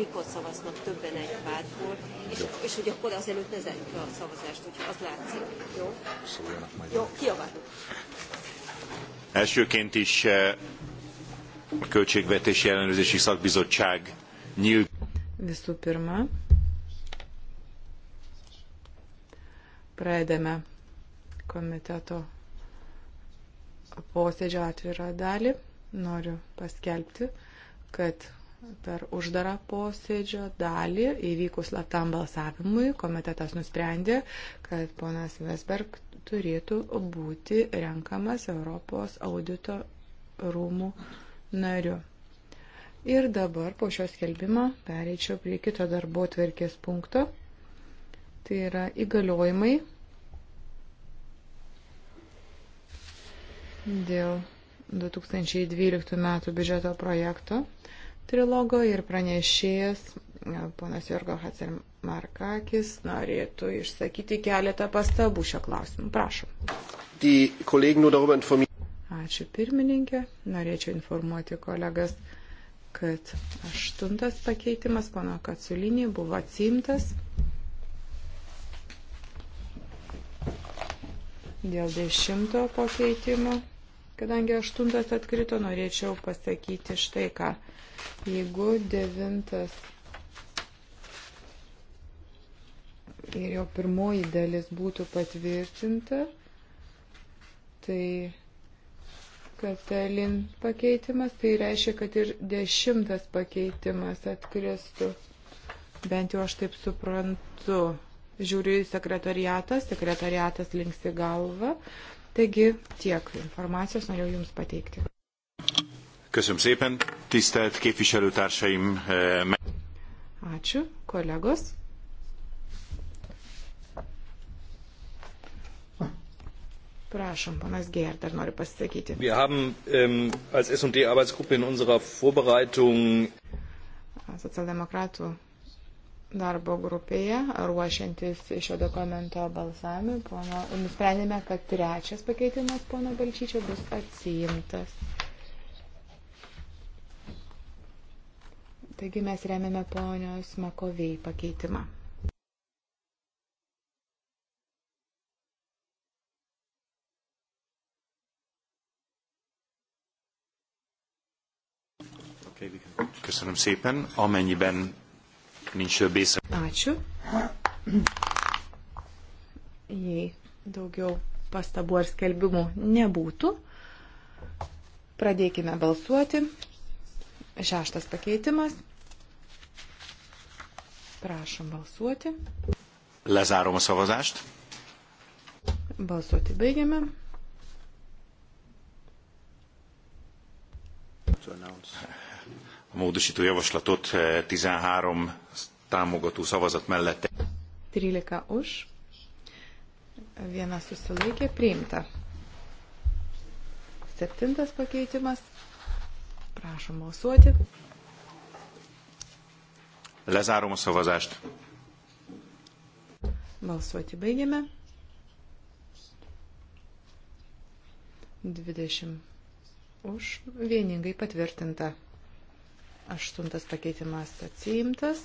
mikor szavaznak többen egy pártból, és, és hogy akkor azelőtt ne zárjuk le a szavazást, hogyha az látszik. Jó? Szóljanak majd. Jó, kiabálunk. Elsőként is eh, a Költségvetési Ellenőrzési Szakbizottság nyílt. Visų pirma, praeidame komiteto posėdžio atvirą dalį. Noriu paskelbti, kad per uždarą posėdžio dalį įvykus slaptam balsavimui komitetas nusprendė, kad ponas Vesberg turėtų būti renkamas Europos audito rūmų nariu. Ir dabar po šios kelbimo pereičiau prie kito darbo tvarkės punkto. Tai yra įgaliojimai dėl 2012 m. biudžeto projekto trilogo ir pranešėjas e, ponas Jorgo Hatzermarkakis norėtų išsakyti keletą pastabų šio klausimu. Prašom. Ačiū pirmininkė. Norėčiau informuoti kolegas, kad aštuntas pakeitimas pono Katsulinį buvo atsimtas. Dėl dešimto pakeitimo, kadangi aštuntas atkrito, norėčiau pasakyti štai ką jeigu devintas ir jo pirmoji dalis būtų patvirtinta, tai Katalin pakeitimas, tai reiškia, kad ir dešimtas pakeitimas atkristų. Bent jau aš taip suprantu. Žiūriu į sekretariatą, sekretariatas linksi galvą. Taigi tiek informacijos norėjau Jums pateikti. Köszönöm szépen, tisztelt képviselőtársaim! Eh, Ačiū, kolegos. Prašom, panas Geir dar nori pasisakyti. Wir haben ähm, als S&D Arbeitsgruppe in unserer Vorbereitung Socialdemokratų darbo grupėje, ruošiantis šio dokumento balsavimui, nusprendėme, kad trečias pakeitimas pono Balčyčio bus atsiimtas. Taigi mes remiame ponios Makovei pakeitimą. Köszönöm szépen. Amennyiben nincs több észre. Ačiū. Jei daugiau pastabų ar skelbimų nebūtų, pradėkime balsuoti. Šeštas pakeitimas. Prašom balsuoti. Lezárom a szavazást. Balsuoti baigiame. A módosító javaslatot 13 eh, támogató szavazat mellette. 13 už, vienas susilaikė, priimta. Septintas pakeitimas. Prašom balsuoti. Lezárom a szavazást. Balsuoti baigiame. 20 už vieningai patvirtinta. Aštuntas pakeitimas atsiimtas.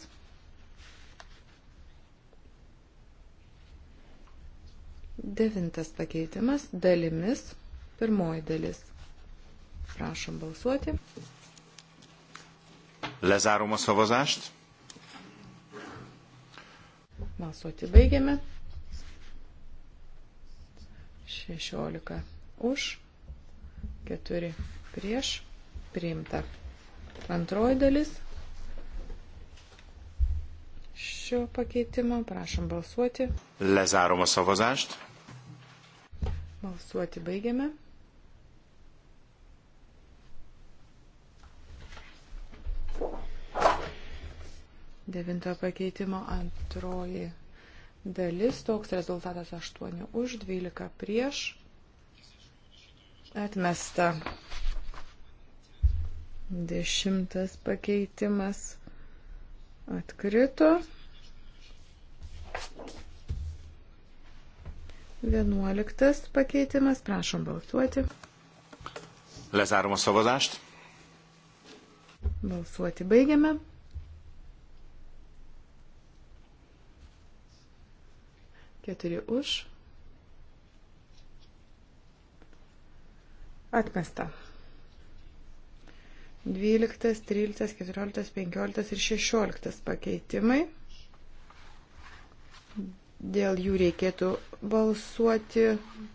Devintas pakeitimas dalimis. Pirmoji dalis. Prašom balsuoti. Lezárom a szavazást. Balsuoti baigiame. 16 už, 4 prieš, priimta. Antroji dalis šio pakeitimo. Prašom balsuoti. Lezaromo savazašt. Balsuoti baigiame. Devintojo pakeitimo antroji dalis. Toks rezultatas 8 už, 12 prieš. Atmesta. Dešimtas pakeitimas atkrito. Vienuoliktas pakeitimas. Prašom balsuoti. Lezarumo savo daštą. Balsuoti baigiame. 4 už. Atmesta. 12, 13, 14, 15 ir 16 pakeitimai. Dėl jų reikėtų balsuoti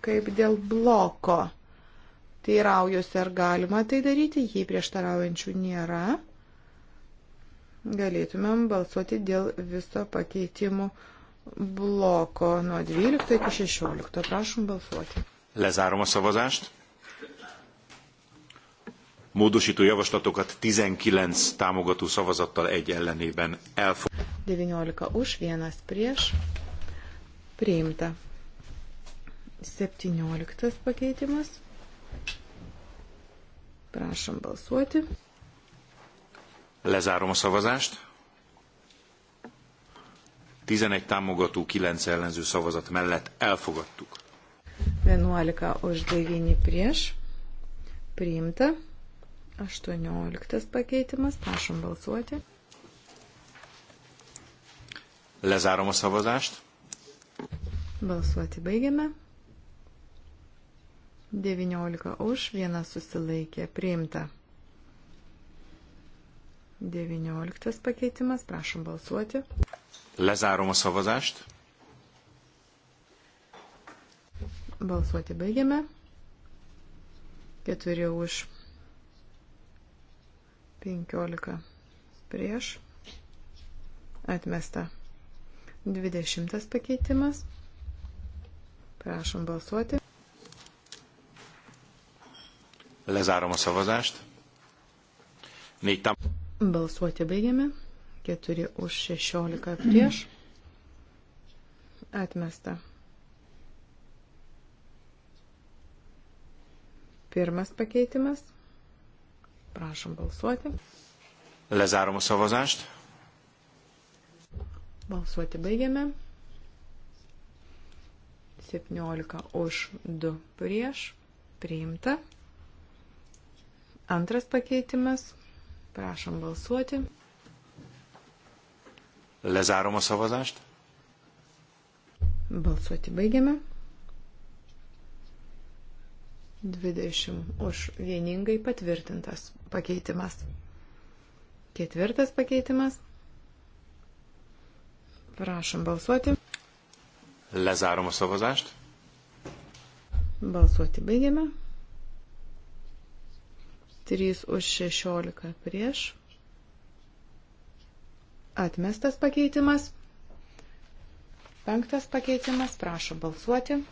kaip dėl bloko. Tai raujusi, ar galima tai daryti, jei prieštaraujančių nėra. Galėtumėm balsuoti dėl viso pakeitimų bloko bloko nuo 12 iki 16. Prašom balsuoti. Lezárom a szavazást. Módosító javaslatokat 19 támogató szavazattal egy ellenében elfog. 19 už, 1 prieš. Priimta. 17 pakeitimas. Prašom balsuoti. Lezárom a szavazást. 11 támogató, 9 ellenző szavazat mellett elfogadtuk. 11 už 9 prieš. Priimta. 18 pakeitimas. Prašom balsuoti. Lezárom a szavazást. Balsuoti baigiame. 19 už, vienas susilaikė, priimta. 19 pakeitimas, prašom balsuoti. Lezárom a szavazást. Balsuoti baigiame. Keturi už. 15 prieš. Atmesta. 20 pakeitimas. Prašom balsuoti. Lezárom a szavazást. Négy tam. Balsuoti baigiame. 4 už 16 prieš. Atmesta. Pirmas pakeitimas. Prašom balsuoti. Lezarom savozašt. Balsuoti baigiame. 17 už 2 prieš. Priimta. Antras pakeitimas. Prašom balsuoti. Lezárom a szavazást. Balsuoti baigiame. 20 už vieningai patvirtintas pakeitimas. Ketvirtas pakeitimas. Prašom balsuoti. Lezárom a szavazást. Balsuoti baigiame. 3 už 16 prieš. Atmestas pakeitimas. Penktas pakeitimas. Prašom balsuoti.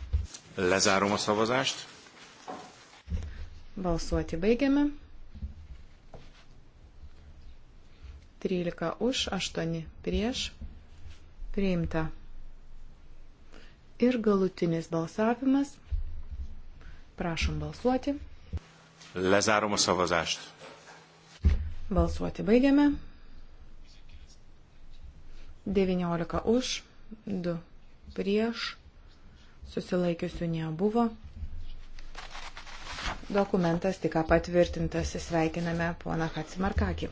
Lezárom a szavazást. Balsuoti baigiame. 13 už, 8 prieš. Priimta. Ir galutinis balsavimas. Prašom balsuoti. Lezárom a szavazást. Balsuoti baigiame. 19 už, 2 prieš, susilaikiusių nebuvo. Dokumentas tik patvirtintas, sveikiname poną Hatsimarkakį.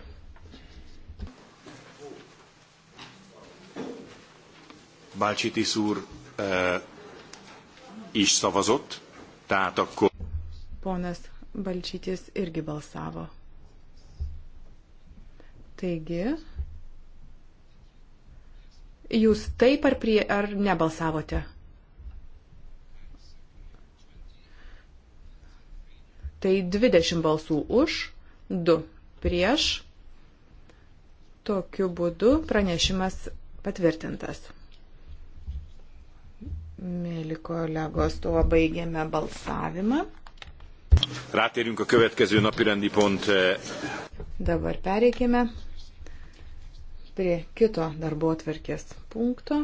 Balcsitis úr e, is szavazott, tehát akkor... Ponas Balcsitis irgi balsavo. Taigi, Jūs taip ar, prie, ar nebalsavote? Tai 20 balsų už, 2 prieš. Tokiu būdu pranešimas patvirtintas. Mėly kolegos, tuo baigėme balsavimą. Rátérünk a következő napirendi pont. Eh, Dabar pereikime prie kito darbo atverkės punkto.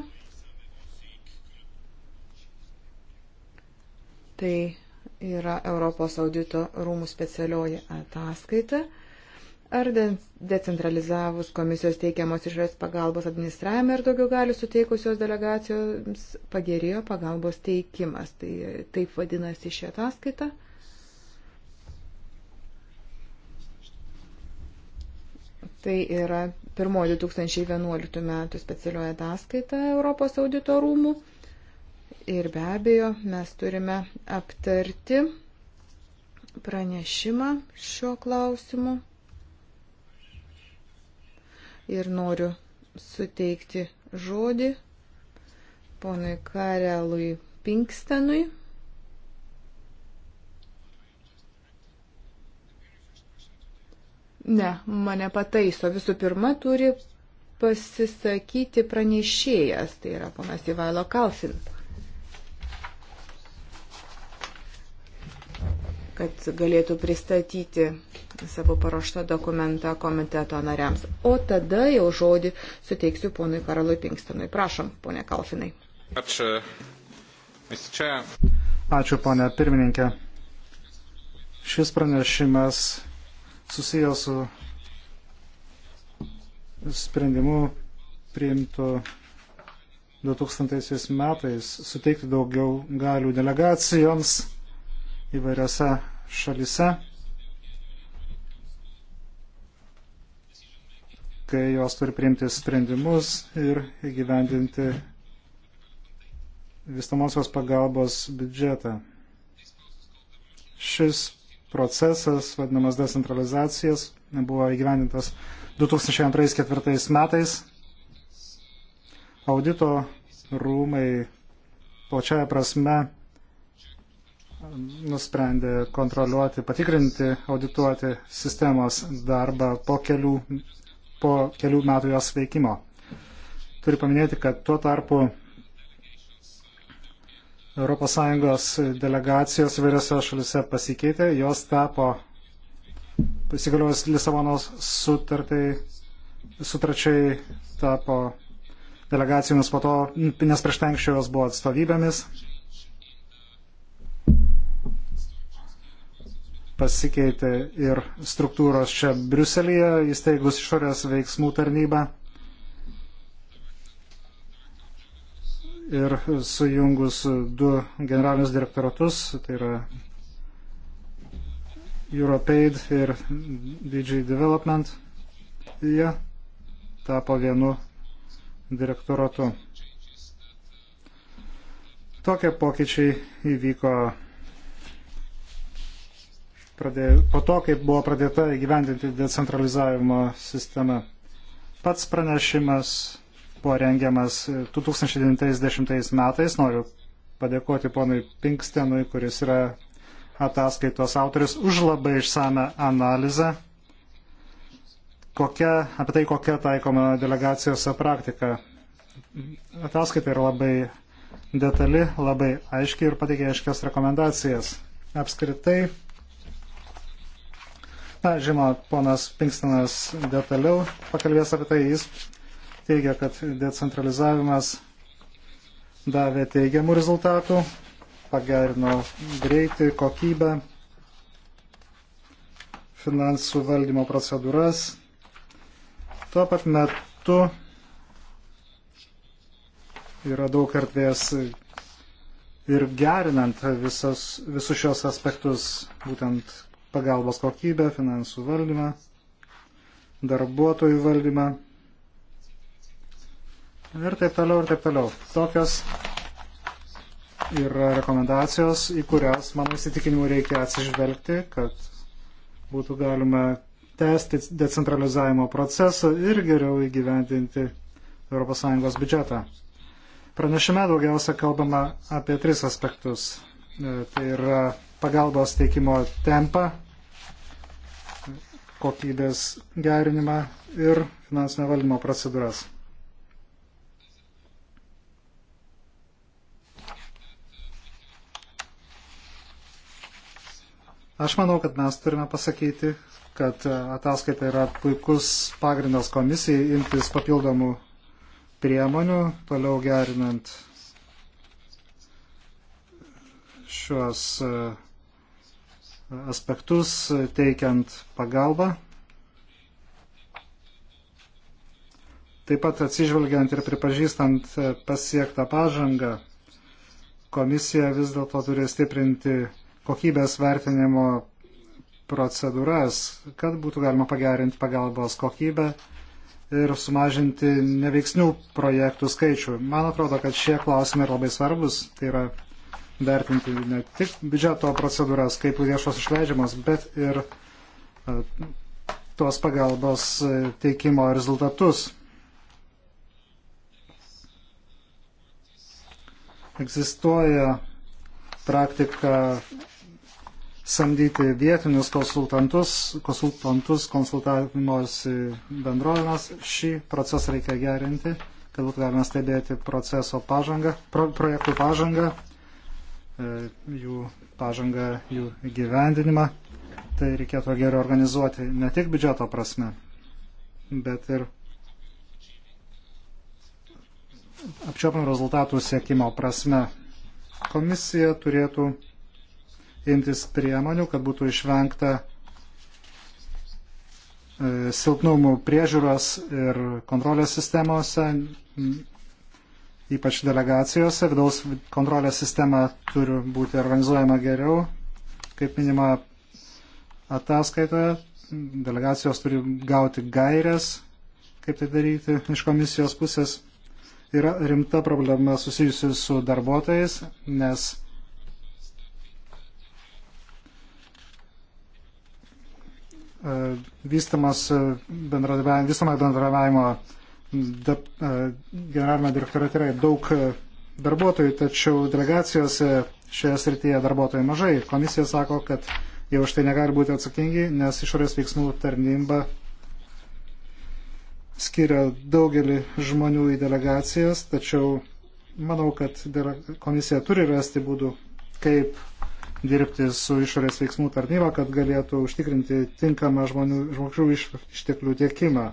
Tai yra Europos audito rūmų specialioji ataskaita. Ar decentralizavus komisijos teikiamos išorės pagalbos administravime ir daugiau galių suteikusios delegacijoms pagerėjo pagalbos teikimas. Tai taip vadinasi ši ataskaita. Tai yra pirmoji 2011 metų specialioji ataskaita Europos audito rūmų. Ir be abejo, mes turime aptarti pranešimą šiuo klausimu. Ir noriu suteikti žodį ponui Karelui Pinkstenui, Ne, mane pataiso. Visų pirma, turi pasisakyti pranešėjas, tai yra ponas Ivailo Kalfin. kad galėtų pristatyti savo paruoštą dokumentą komiteto nariams. O tada jau žodį suteiksiu ponui Karalui Pinkstonui. Prašom, ponė Kalfinai. Ačiū. Ačiū, ponė pirmininkė. Šis pranešimas susijęs su sprendimu priimtu 2000 metais suteikti daugiau galių delegacijoms įvairiose šalise, kai jos turi priimti sprendimus ir įgyvendinti vystamosios pagalbos biudžetą. Šis procesas, vadinamas decentralizacijas, buvo įgyvendintas 2002-2004 metais. Audito rūmai plačiaja prasme nusprendė kontroliuoti, patikrinti, audituoti sistemos darbą po kelių, po kelių metų jos veikimo. Turiu paminėti, kad tuo tarpu ES delegacijos vairiose šalise pasikeitė, jos tapo pasigaliojus Lisabonos sutartai, sutračiai tapo delegacijomis po to, nes prieš tenkščiau tai jos buvo atstovybėmis. Pasikeitė ir struktūros čia Briuselėje, įsteigus išorės veiksmų tarnybą. ir sujungus du generalinius direktoratus, tai yra Europaid ir DG Development, jie tapo vienu direktoratu. Tokie pokyčiai įvyko pradėjo, po to, kai buvo pradėta įgyvendinti decentralizavimo sistema. Pats pranešimas buvo rengiamas 2090 metais. Noriu padėkoti ponui Pinkstenui, kuris yra ataskaitos autoris, už labai išsame analizę, kokia, apie tai, kokia taikoma delegacijose praktika. Ataskaita yra labai detali, labai aiškiai ir pateikia aiškias rekomendacijas. Apskritai, na, žinoma, ponas Pinkstenas detaliau pakalbės apie tai, jis teigia, kad decentralizavimas davė teigiamų rezultatų, pagerino greitį, kokybę, finansų valdymo procedūras. Tuo pat metu yra daug erdvės ir gerinant visas, visus šios aspektus, būtent pagalbos kokybę, finansų valdymą, darbuotojų valdymą, ir taip toliau, ir taip toliau. Tokios yra rekomendacijos, į kurias, mano įsitikinimu, reikia atsižvelgti, kad būtų galima tęsti decentralizavimo procesą ir geriau įgyvendinti ES biudžetą. Pranešime daugiausia kalbama apie tris aspektus. E, tai yra pagalbos teikimo tempą, kokybės gerinimą ir finansinio valdymo procedūras. Aš manau, kad mes turime pasakyti, kad e, ataskaita yra puikus pagrindas komisijai imtis papildomų priemonių, toliau gerinant šios e, aspektus, teikiant pagalbą. Taip pat atsižvelgiant ir pripažįstant e, pasiektą pažangą, komisija vis dėlto turi stiprinti kokybės vertinimo procedūras, kad būtų galima pagerinti pagalbos kokybę ir sumažinti neveiksnių projektų skaičių. Man atrodo, kad šie klausimai yra labai svarbus. Tai yra vertinti ne tik biudžeto procedūras, kaip lėšos išleidžiamos, bet ir e, tos pagalbos e, teikimo rezultatus. Egzistuoja praktika samdyti vietinius konsultantus, konsultantus konsultavimosi bendrovėmis. Šį procesą reikia gerinti, kad būtų galima stebėti proceso pažangą, pro, projektų pažangą, e, jų pažangą, jų gyvendinimą. Tai reikėtų geriau organizuoti ne tik biudžeto prasme, bet ir apčiopinų rezultatų siekimo prasme. Komisija turėtų imtis priemonių, kad būtų išvengta e, silpnumų priežiūros ir kontrolės sistemose, ypač delegacijose. Vidaus kontrolės sistema turi būti organizuojama geriau, kaip minima ataskaitoje. Delegacijos turi gauti gairias, kaip tai daryti iš komisijos pusės. Yra rimta problema susijusi su darbuotojais, nes E, vystamas e, bendradarbiavimo, vystamą bendradarbiavimo e, generalinio direktorate yra daug darbuotojų, tačiau delegacijose šioje srityje darbuotojų mažai. Komisija sako, kad jie už tai negali būti atsakingi, nes išorės veiksmų tarnyba skiria daugelį žmonių į delegacijas, tačiau manau, kad komisija turi rasti būdų, kaip dirbti su išorės veiksmų tarnyba, kad galėtų užtikrinti tinkamą žmonių, žmogžų iš, išteklių tiekimą.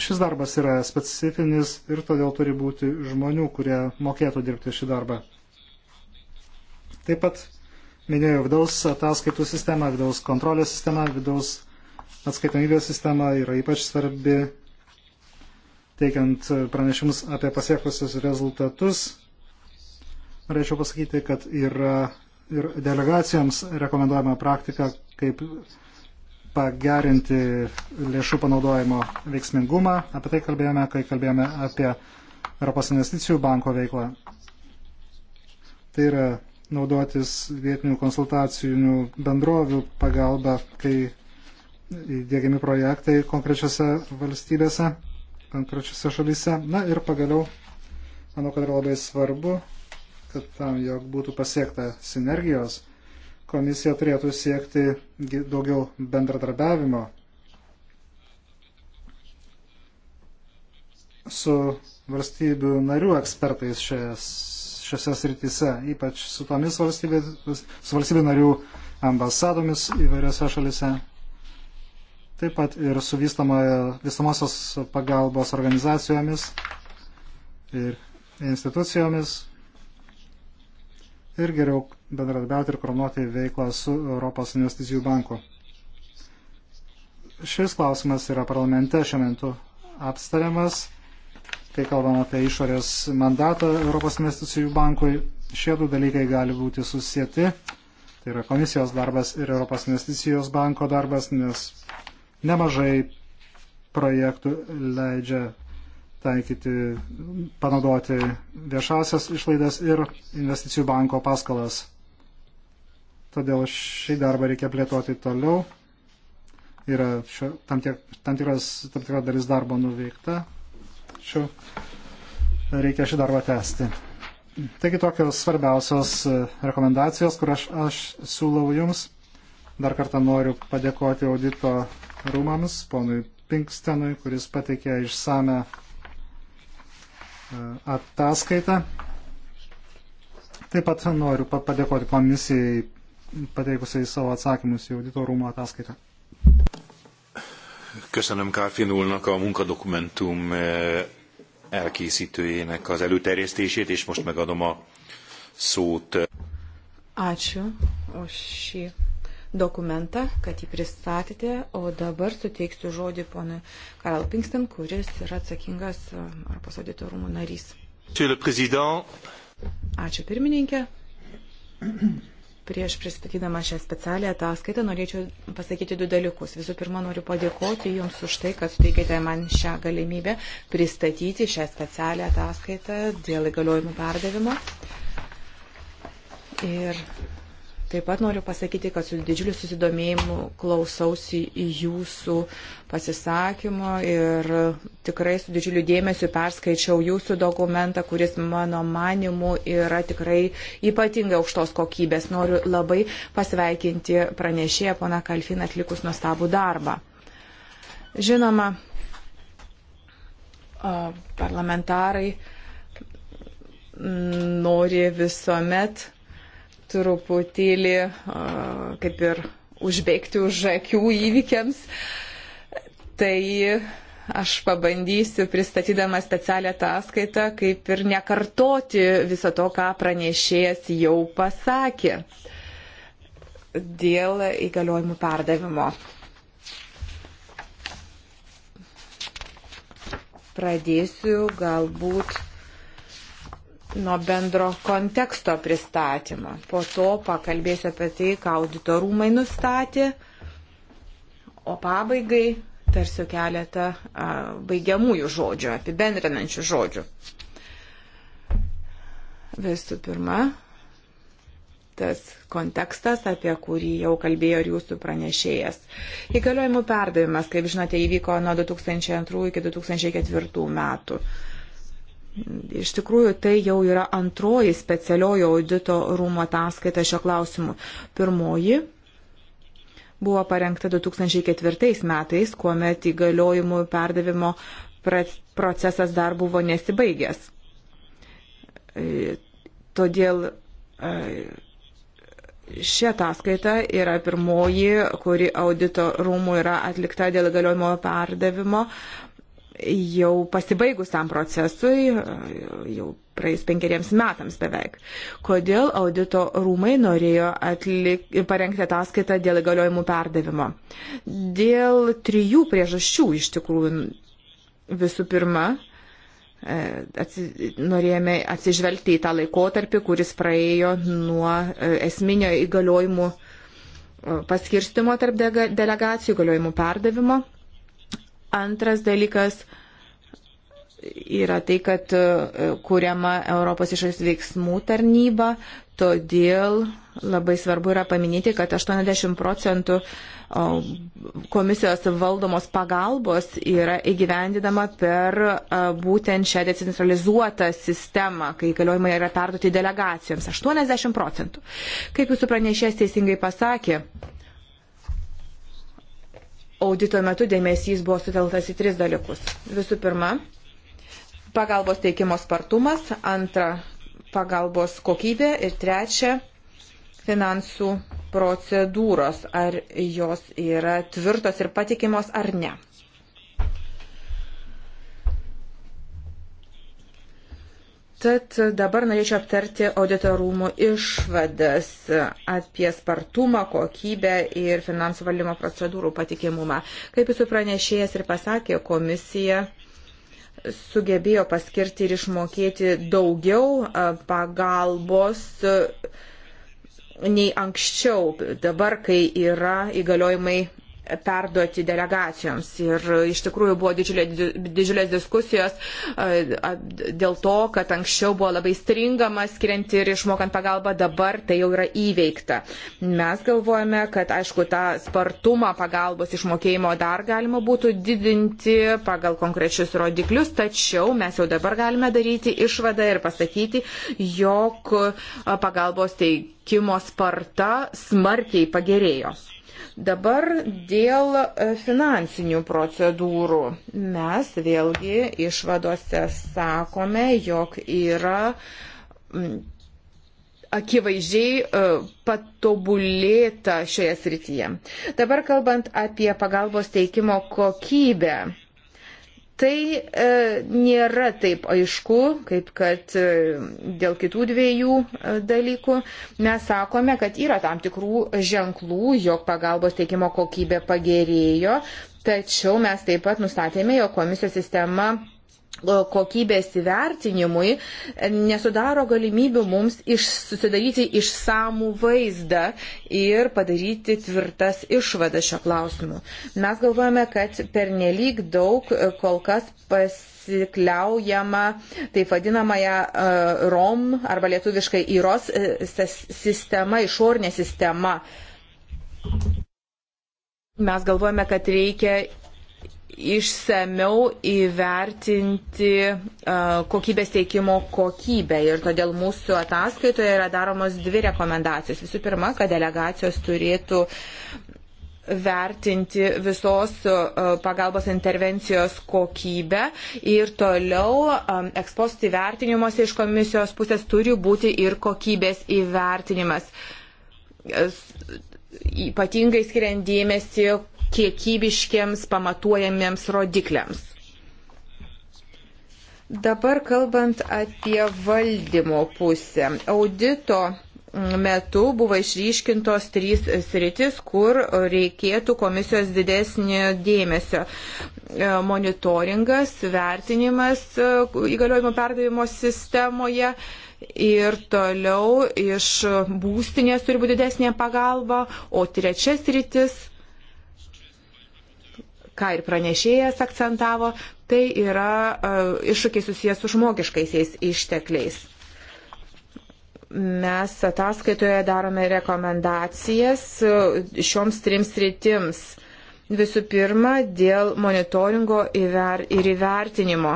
Šis darbas yra specifinis ir todėl turi būti žmonių, kurie mokėtų dirbti šį darbą. Taip pat minėjau vidaus ataskaitų sistemą, vidaus kontrolės sistemą, vidaus atskaitomybės sistema yra ypač svarbi teikiant pranešimus apie pasiekusius rezultatus norėčiau pasakyti, kad yra ir delegacijoms rekomenduojama praktika, kaip pagerinti lėšų panaudojimo veiksmingumą. Apie tai kalbėjome, kai kalbėjome apie Europos investicijų banko veiklą. Tai yra naudotis vietinių konsultacinių bendrovių pagalba, kai įdėgiami projektai konkrečiose valstybėse, konkrečiose šalyse. Na ir pagaliau, manau, kad yra labai svarbu kad tam, jog būtų pasiekta sinergijos, komisija turėtų siekti daugiau bendradarbiavimo su valstybių narių ekspertais šiose srityse, ypač su tomis valstybės, su valstybių narių ambasadomis įvairiose šalise, taip pat ir su vystamosios pagalbos organizacijomis ir institucijomis, ir geriau bendradarbiauti ir kronuoti veiklą su Europos investicijų banku. Šis klausimas yra parlamente šiuo metu apstariamas, kai kalbam apie išorės mandatą Europos investicijų bankui. Šie du dalykai gali būti susijęti, tai yra komisijos darbas ir Europos investicijos banko darbas, nes nemažai projektų leidžia taikyti, panaudoti viešasias išlaidas ir investicijų banko paskalas. Todėl šį darbą reikia plėtoti toliau. Yra šio, tam, tiek, tam, tikras, tam tikra dalis darbo nuveikta. Šiuo reikia šį darbą tęsti. Taigi tokios svarbiausios e, rekomendacijos, kur aš, aš siūlau jums. Dar kartą noriu padėkoti audito rūmams, ponui Pinkstenui, kuris pateikė išsame ataskaitą. Taip pat noriu padėkoti komisijai pateikusiai savo atsakymus į auditorumo ataskaitą. Köszönöm Kárfin úrnak a munkadokumentum eh, elkészítőjének az előterjesztését, és most megadom a szót. Eh. Ačiū už šį dokumentą, kad jį pristatėte, o dabar suteiksiu žodį ponui Karl Pinkston, kuris yra atsakingas e, Europos audito rūmų narys. Ačiū pirmininkė. Prieš pristatydama šią specialią ataskaitą norėčiau pasakyti du dalykus. Visų pirma, noriu padėkoti Jums už tai, kad suteikėte man šią galimybę pristatyti šią specialią ataskaitą dėl įgaliojimų perdavimo. Ir Taip pat noriu pasakyti, kad su didžiuliu susidomėjimu klausausi jūsų pasisakymo ir tikrai su didžiuliu dėmesiu perskaičiau jūsų dokumentą, kuris mano manimu yra tikrai ypatingai aukštos kokybės. Noriu labai pasveikinti pranešėją pana Kalfin atlikus nuostabų darbą. Žinoma, parlamentarai nori visuomet truputėlį kaip ir užbėgti už akių įvykiams, tai aš pabandysiu, pristatydama specialią ataskaitą, kaip ir nekartoti viso to, ką pranešėjas jau pasakė dėl įgaliojimų perdavimo. Pradėsiu galbūt nuo bendro konteksto pristatymą. Po to pakalbėsiu apie tai, ką auditorumai nustatė, o pabaigai tarsiu keletą a, baigiamųjų žodžių, apibendrinančių žodžių. Visų pirma, tas kontekstas, apie kurį jau kalbėjo ir jūsų pranešėjas. Įgaliojimų perdavimas, kaip žinote, įvyko nuo 2002 iki 2004 metų. Iš tikrųjų, tai jau yra antroji specialiojo audito rūmo ataskaita šio klausimu. Pirmoji buvo parengta 2004 metais, kuomet įgaliojimų perdavimo procesas dar buvo nesibaigęs. E, todėl e, Ši ataskaita yra pirmoji, kuri audito rūmų yra atlikta dėl galiojimo perdavimo jau pasibaigus tam procesui, jau praėjus penkeriems metams beveik. Kodėl audito rūmai norėjo atlik, parengti ataskaitą dėl įgaliojimų perdavimo? Dėl trijų priežasčių iš tikrųjų. Visų pirma, e, atsi, norėjome atsižvelgti į tą laikotarpį, kuris praėjo nuo e, esminio įgaliojimų e, paskirstimo tarp delegacijų, įgaliojimų perdavimo Antras dalykas yra tai, kad e, kuriama Europos išorės veiksmų tarnyba, todėl labai svarbu yra paminėti, kad 80 procentų komisijos valdomos pagalbos yra įgyvendinama per e, būtent šią decentralizuotą sistemą, kai įgaliojimai yra perduoti delegacijoms. 80 procentų. Kaip jūsų pranešės teisingai pasakė, audito metu dėmesys buvo suteltas į tris dalykus. Visų pirma, pagalbos teikimo spartumas, antra, pagalbos kokybė ir trečia, finansų procedūros, ar jos yra tvirtos ir patikimos ar ne. Tad dabar norėčiau aptarti auditorumų išvadas apie spartumą, kokybę ir finansų valdymo procedūrų patikimumą. Kaip jūsų pranešėjas ir pasakė, komisija sugebėjo paskirti ir išmokėti daugiau pagalbos nei anksčiau, dabar, kai yra įgaliojimai perduoti delegacijoms. Ir iš tikrųjų buvo didžiulė, didžiulės diskusijos dėl to, kad anksčiau buvo labai stringama skiriant ir išmokant pagalbą, dabar tai jau yra įveikta. Mes galvojame, kad aišku, tą spartumą pagalbos išmokėjimo dar galima būtų didinti pagal konkrečius rodiklius, tačiau mes jau dabar galime daryti išvadą ir pasakyti, jog pagalbos teikimo sparta smarkiai pagerėjo. Dabar dėl e, finansinių procedūrų. Mes vėlgi išvadose sakome, jog yra akivaizdžiai e, patobulėta šioje srityje. Dabar kalbant apie pagalbos teikimo kokybę Tai e, nėra taip aišku, kaip kad e, dėl kitų dviejų e, dalykų. Mes sakome, kad yra tam tikrų ženklų, jog pagalbos teikimo kokybė pagerėjo, tačiau mes taip pat nustatėme, jog komisijos sistema kokybės įvertinimui nesudaro galimybių mums iš, susidaryti išsamų vaizdą ir padaryti tvirtas išvadas šio klausimu. Mes galvojame, kad per nelik daug e, kol kas pasikliaujama taip vadinamąją e, ROM arba lietuviškai įros e, sistema, išornė sistema. Mes galvojame, kad reikia išsameu įvertinti e, kokybės teikimo kokybę. Ir todėl mūsų ataskaitoje yra daromos dvi rekomendacijos. Visų pirma, kad delegacijos turėtų vertinti visos e, pagalbos intervencijos kokybę ir toliau e, ekspost įvertinimuose iš komisijos pusės turi būti ir kokybės įvertinimas. Ypatingai skiriant dėmesį kiekybiškiams pamatuojamiems rodikliams. Dabar kalbant apie valdymo pusę. Audito metu buvo išryškintos trys sritis, kur reikėtų komisijos didesnio dėmesio. Monitoringas, vertinimas įgaliojimo perdavimo sistemoje ir toliau iš būstinės turi būti didesnė pagalba, o trečias rytis ką ir pranešėjas akcentavo, tai yra e, iššūkiai susijęs su žmogiškaisiais ištekliais. Mes ataskaitoje darome rekomendacijas e, šioms trims rytims. Visų pirma, dėl monitoringo ir įvertinimo.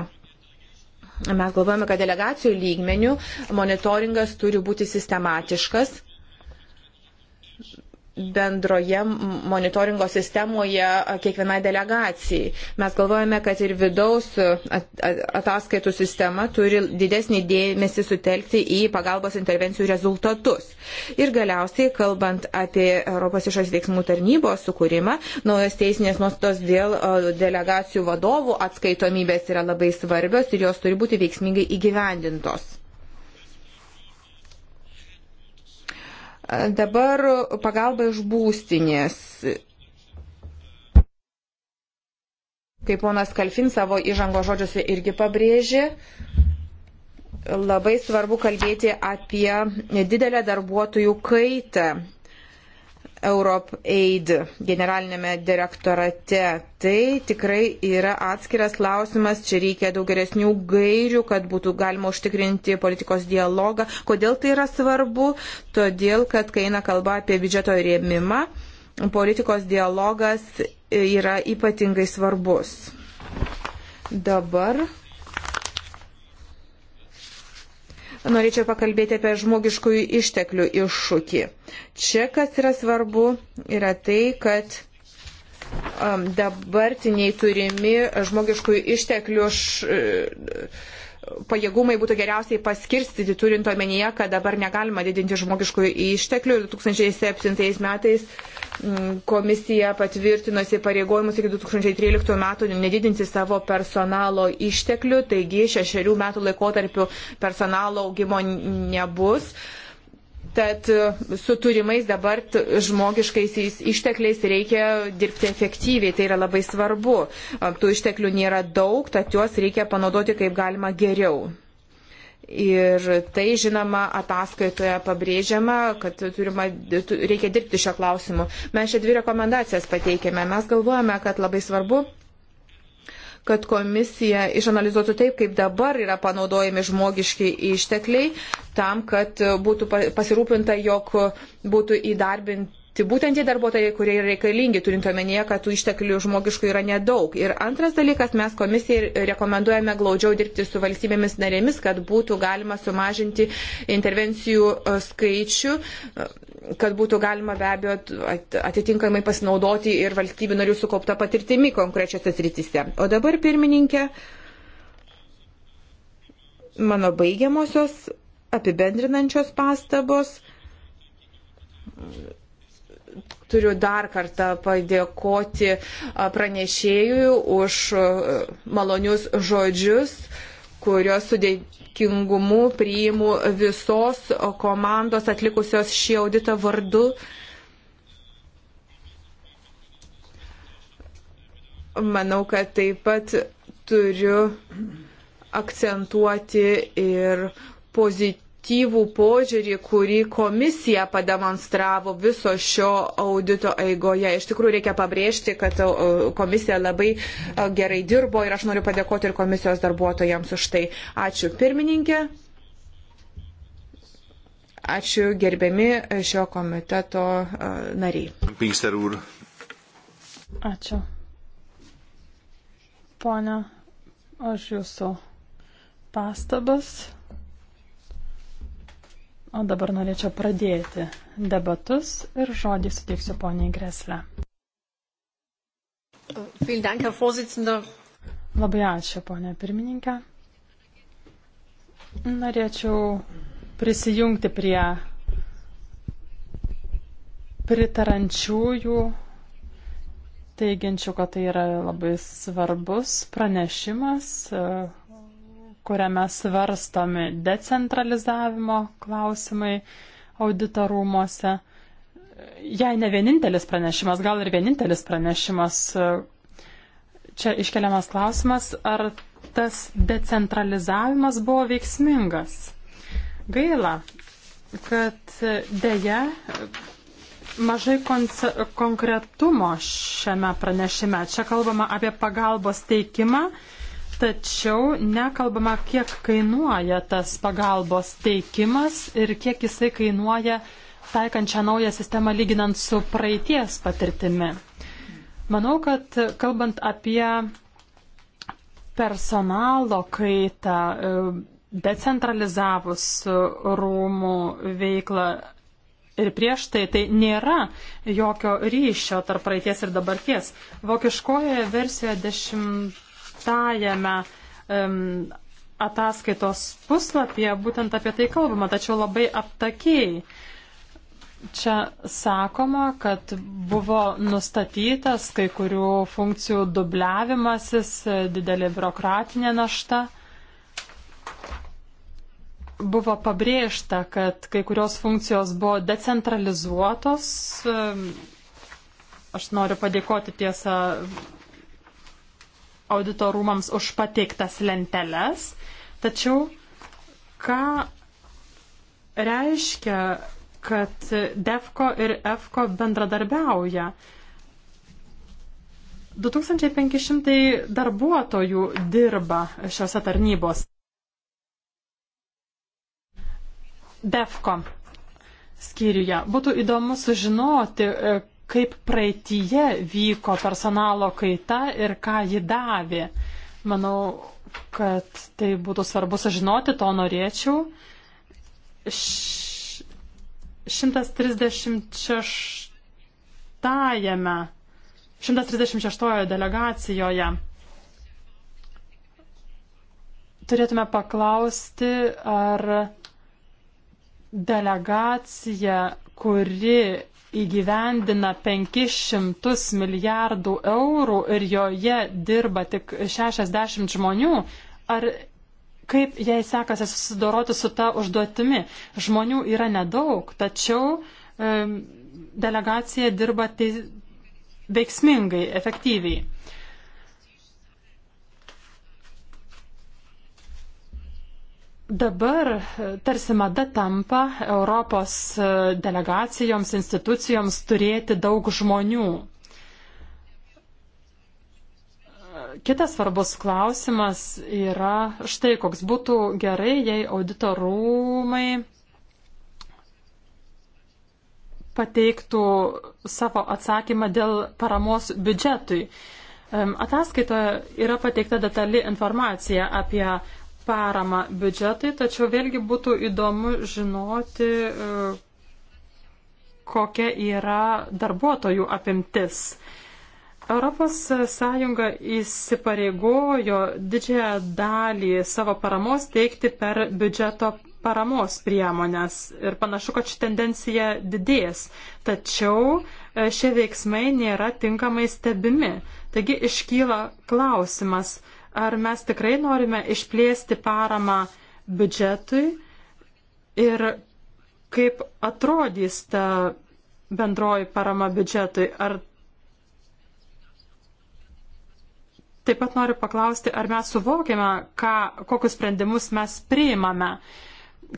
Mes galvojame, kad delegacijų lygmenių monitoringas turi būti sistematiškas bendroje monitoringo sistemoje kiekvienai delegacijai. Mes galvojame, kad ir vidaus ataskaitų sistema turi didesnį dėmesį sutelkti į pagalbos intervencijų rezultatus. Ir galiausiai, kalbant apie Europos išorės veiksmų tarnybos sukūrimą, naujos teisinės nuostatos dėl delegacijų vadovų atskaitomybės yra labai svarbios ir jos turi būti veiksmingai įgyvendintos. Dabar pagalba iš būstinės. Kaip ponas Kalfin savo įžango žodžiuose irgi pabrėžė, labai svarbu kalbėti apie didelę darbuotojų kaitą Europe Aid generalinėme direktorate. Tai tikrai yra atskiras klausimas, čia reikia daug geresnių gairių, kad būtų galima užtikrinti politikos dialogą. Kodėl tai yra svarbu? Todėl, kad kai eina kalba apie biudžeto rėmimą, politikos dialogas yra ypatingai svarbus. Dabar norėčiau pakalbėti apie žmogiškųjų išteklių iššūkį. Čia kas yra svarbu, yra tai, kad um, dabartiniai turimi žmogiškųjų išteklių š, pajėgumai būtų geriausiai paskirstyti, turint omenyje, kad dabar negalima didinti žmogiškųjų išteklių. 2007 metais mm, komisija patvirtinosi pareigojimus iki 2013 metų nedidinti savo personalo išteklių, taigi šešerių metų laikotarpių personalo augimo nebus. Uh, Tad e, su turimais dabar žmogiškais ištekliais reikia dirbti efektyviai, tai yra labai svarbu. E, tų išteklių nėra daug, tad juos reikia panaudoti kaip galima geriau. Ir tai, žinoma, ataskaitoje pabrėžiama, kad turima, reikia dirbti šio klausimu. Mes čia dvi rekomendacijas pateikėme. Mes galvojame, kad labai svarbu kad komisija išanalizuotų taip, kaip dabar yra panaudojami žmogiški ištekliai, tam, kad būtų pasirūpinta, jog būtų įdarbinti būtent tie darbuotojai, kurie yra reikalingi, turint omenyje, kad tų išteklių žmogiškų yra nedaug. Ir antras dalykas, mes komisijai rekomenduojame glaudžiau dirbti su valstybėmis narėmis, kad būtų galima sumažinti intervencijų e, skaičių e, kad būtų galima be abejo atitinkamai pasinaudoti ir valstybių narių sukaupta patirtimi konkrečiose srityse. O dabar, pirmininkė, mano baigiamosios apibendrinančios pastabos. Turiu dar kartą padėkoti pranešėjui už malonius žodžius, uh, kurios sudėkingumu priimu visos komandos atlikusios šį auditą vardu. Manau, kad taip pat turiu akcentuoti ir pozityvų aktyvų požiūrį, kurį komisija pademonstravo viso šio audito eigoje. Iš tikrųjų reikia pabrėžti, kad e, komisija labai e, gerai dirbo ir aš noriu padėkoti ir komisijos darbuotojams už tai. Ačiū pirmininkė. Ačiū gerbiami šio komiteto e, nariai. Ačiū. Pone, aš jūsų pastabas. O dabar norėčiau pradėti debatus ir žodį suteiksiu poniai Greslę. Labai ačiū, ponė pirmininkė. Norėčiau prisijungti prie pritarančiųjų, teigiančių, kad tai yra labai svarbus pranešimas, kuriame svarstomi decentralizavimo klausimai auditorumuose. Jei ne vienintelis pranešimas, gal ir vienintelis pranešimas, čia iškeliamas klausimas, ar tas decentralizavimas buvo veiksmingas. Gaila, kad dėja mažai konkretumo šiame pranešime. Čia kalbama apie pagalbos teikimą, Tačiau nekalbama, kiek kainuoja tas pagalbos teikimas ir kiek jisai kainuoja taikant šią naują sistemą lyginant su praeities patirtimi. Manau, kad kalbant apie personalo kaitą, e, decentralizavus rūmų veiklą ir prieš tai, tai nėra jokio ryšio tarp praeities ir dabarties. Vokiškojoje versijoje dešimt šeštajame um, ataskaitos puslapyje būtent apie tai kalbama, tačiau labai aptakiai. Čia sakoma, kad buvo nustatytas kai kurių funkcijų dubliavimasis, didelė biurokratinė našta buvo pabrėžta, kad kai kurios funkcijos buvo decentralizuotos. Aš noriu padėkoti tiesą auditorumams už pateiktas lenteles. Tačiau ką reiškia, kad DEFCO ir EFCO bendradarbiauja? 2500 darbuotojų dirba šiuose tarnybos. DEFCO skyriuje. Būtų įdomu sužinoti, kaip praeitie vyko personalo kaita ir ką ji davė. Manau, kad tai būtų svarbu sužinoti, to norėčiau. 136. 136 delegacijoje turėtume paklausti, ar delegacija, kuri įgyvendina 500 milijardų eurų ir joje dirba tik 60 žmonių, ar kaip jai sekasi susidoroti su ta užduotimi? Žmonių yra nedaug, tačiau delegacija dirba veiksmingai, efektyviai. Dabar e, tarsi mada tampa Europos e, delegacijoms, institucijoms turėti daug žmonių. Kitas svarbus klausimas yra štai, koks būtų gerai, jei auditorumai pateiktų savo atsakymą dėl paramos biudžetui. Ataskaitoje yra pateikta detali informacija apie paramą biudžetai, tačiau vėlgi būtų įdomu žinoti, e, kokia yra darbuotojų apimtis. Europos Sąjunga įsipareigojo didžiąją dalį savo paramos teikti per biudžeto paramos priemonės ir panašu, kad ši tendencija didės. Tačiau e, šie veiksmai nėra tinkamai stebimi. Taigi iškyla klausimas, ar mes tikrai norime išplėsti paramą biudžetui ir kaip atrodys ta bendroji parama biudžetui. Ar Taip pat noriu paklausti, ar mes suvokiame, ką, kokius sprendimus mes priimame,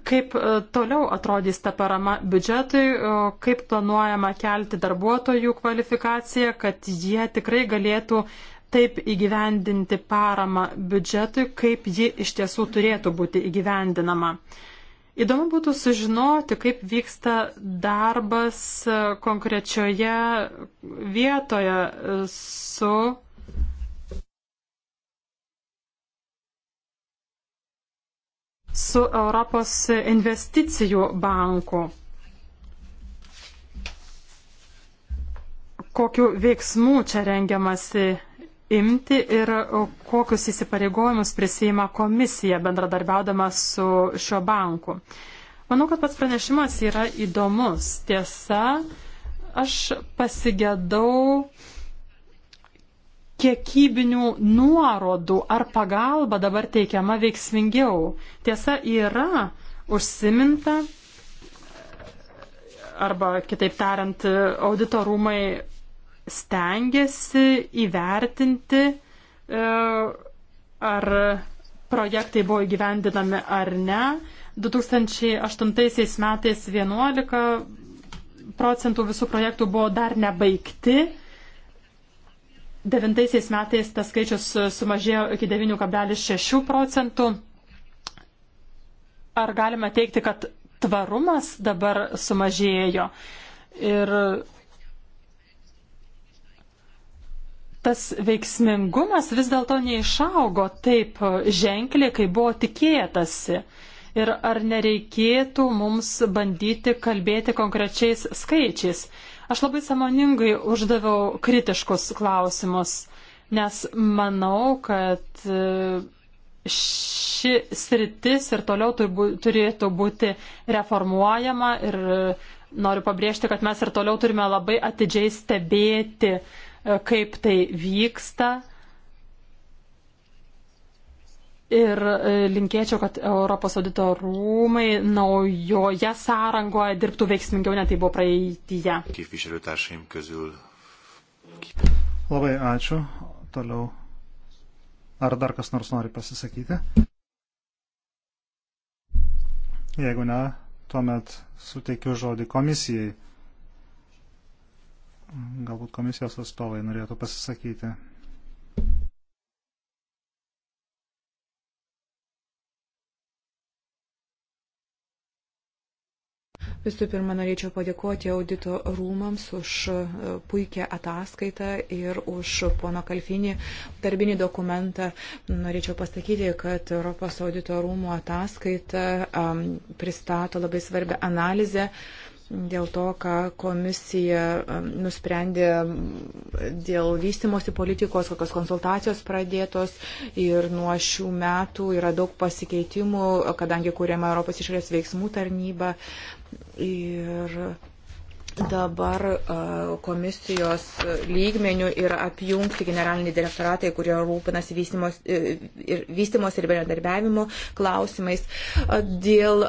kaip e, toliau atrodys ta parama biudžetui, e, kaip planuojama kelti darbuotojų kvalifikaciją, kad jie tikrai galėtų uh, taip įgyvendinti paramą biudžetui, kaip ji iš tiesų turėtų būti įgyvendinama. Įdomu būtų sužinoti, kaip vyksta darbas konkrečioje vietoje su. su Europos investicijų banku. Kokiu veiksmu čia rengiamasi imti ir kokius įsipareigojimus prisima komisija bendradarbiaudama su šiuo banku. Manau, kad pats pranešimas yra įdomus. Tiesa, aš pasigėdau kiekybinių nuorodų ar pagalba dabar teikiama veiksmingiau. Tiesa, yra užsiminta arba kitaip tariant, auditorumai stengiasi įvertinti, e, ar projektai buvo įgyvendinami ar ne. 2008 metais 11 procentų visų projektų buvo dar nebaigti. Devintaisiais metais tas skaičius sumažėjo iki 9,6 procentų. Ar galime teikti, kad tvarumas dabar sumažėjo? Ir tas veiksmingumas vis dėlto neišaugo taip ženkliai, kaip buvo tikėtasi. Ir ar nereikėtų mums bandyti kalbėti konkrečiais skaičiais? Aš labai samoningai uždaviau kritiškus klausimus, nes manau, kad e, ši sritis ir toliau turėtų būti reformuojama ir e, noriu pabrėžti, kad mes ir toliau turime labai atidžiai stebėti uh, E, kaip tai vyksta. Ir e, linkėčiau, kad Europos audito rūmai naujoje sąrangoje dirbtų veiksmingiau, net tai buvo praeitįje. Labai ačiū. Toliau. Ar dar kas nors nori pasisakyti? Jeigu ne, tuomet suteikiu žodį komisijai. Galbūt komisijos atstovai norėtų pasisakyti. Visų pirma, norėčiau padėkoti audito rūmams už e, puikią ataskaitą ir už pono Kalfinį darbinį dokumentą. Norėčiau pasakyti, kad Europos audito rūmų ataskaita um, pristato labai svarbę analizę. Uh, dėl to, ką komisija um, nusprendė dėl vystimosi politikos, kokios konsultacijos pradėtos ir nuo šių metų yra daug pasikeitimų, kadangi kūrėme Europos išorės veiksmų tarnybą. Ir dabar uh, komisijos lygmenių yra apjungti generaliniai direktoratai, kurie rūpinasi vystimos uh, ir, vystimos ir bendradarbiavimo klausimais. Uh, dėl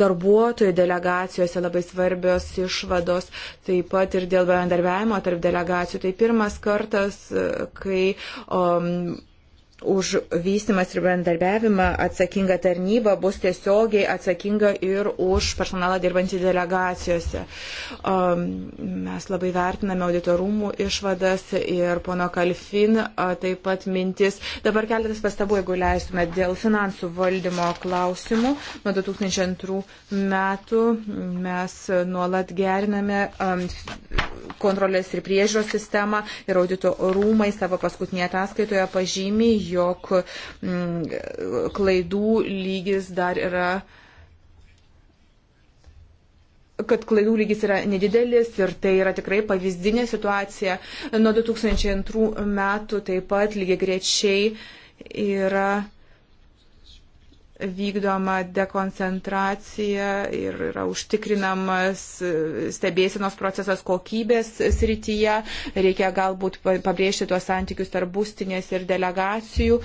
darbuotojų delegacijose labai svarbios išvados, taip pat ir dėl bendarbiavimo tarp delegacijų. Tai pirmas kartas, e, kai um, už vystimas ir bendarbiavimą atsakinga tarnyba bus tiesiogiai atsakinga ir už personalą dirbantį delegacijose. Um, mes labai vertiname auditorumų išvadas ir pono Kalfin taip pat mintis. Dabar keletas pastabų, jeigu leisime, dėl finansų valdymo klausimų. Nuo 2002 metų mes nuolat geriname um, kontrolės ir priežiūros sistemą ir audito rūmai savo paskutinėje ataskaitoje pažymė, jog mm, klaidų lygis dar yra kad klaidų lygis yra nedidelis ir tai yra tikrai pavyzdinė situacija. Nuo 2002 metų taip pat lygiai grečiai yra vykdoma dekoncentracija ir yra užtikrinamas e, stebėsinos procesas kokybės srityje. Reikia galbūt pabrėžti tuos santykius tarp būstinės ir delegacijų.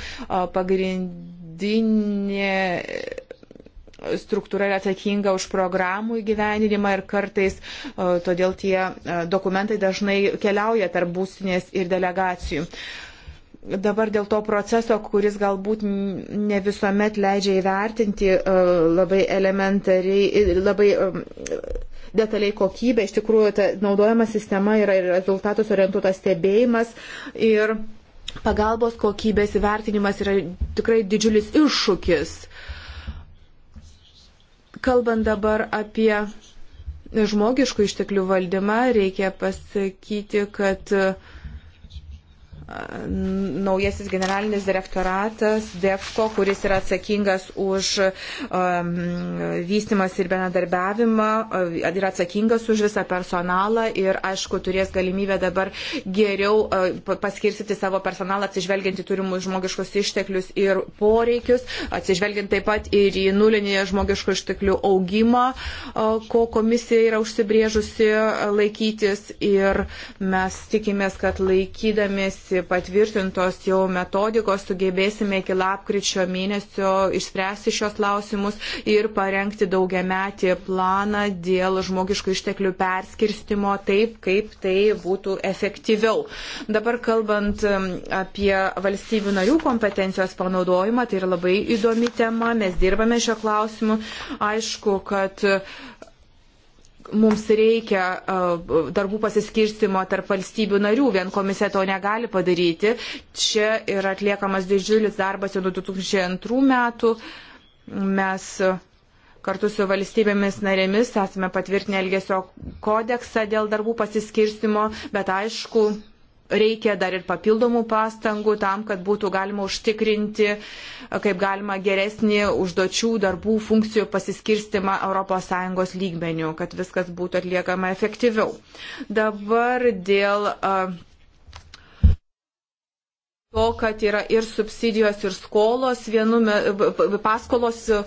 Pagrindinė e, struktūra yra atsakinga už programų įgyvenimą ir kartais todėl tie dokumentai dažnai keliauja tarp būstinės ir delegacijų dabar dėl to proceso, kuris galbūt ne visuomet leidžia įvertinti e, labai elementariai, labai e, detaliai kokybę, iš tikrųjų ta naudojama sistema yra rezultatus orientuotas stebėjimas ir pagalbos kokybės įvertinimas yra tikrai didžiulis iššūkis. Kalbant dabar apie žmogiškų išteklių valdymą, reikia pasakyti, kad uh, naujasis generalinis direktoratas DEFCO, kuris yra atsakingas už um, vystimas ir bendradarbiavimą, uh, yra atsakingas už visą personalą ir, aišku, turės galimybę dabar geriau uh, paskirsyti savo personalą, atsižvelgiant į turimus žmogiškus išteklius ir poreikius, atsižvelgiant taip pat ir į nulinį žmogiškų išteklių augimą, uh, ko komisija yra užsibrėžusi uh, laikytis ir mes tikimės, kad laikydamėsi turi patvirtintos jau metodikos, sugebėsime iki lapkričio mėnesio išspręsti šios klausimus ir parengti daugiametį planą dėl žmogiškų išteklių perskirstimo taip, kaip tai būtų efektyviau. Dabar kalbant um, apie valstybių narių kompetencijos panaudojimą, tai yra labai įdomi tema, mes dirbame šio klausimu. Aišku, kad mums reikia darbų pasiskirstimo tarp valstybių narių, vien komisija to negali padaryti. Čia yra atliekamas didžiulis darbas jau nuo 2002 metų. Mes kartu su valstybėmis narėmis esame patvirtinę Elgesio kodeksą dėl darbų pasiskirstimo, bet aišku, reikia dar ir papildomų pastangų tam, kad būtų galima užtikrinti, kaip galima geresnį užduočių, darbų, funkcijų pasiskirstimą ES lygmenių, kad viskas būtų atliekama efektyviau. Dabar dėl uh, to, kad yra ir subsidijos, ir skolos, vienu, paskolos e,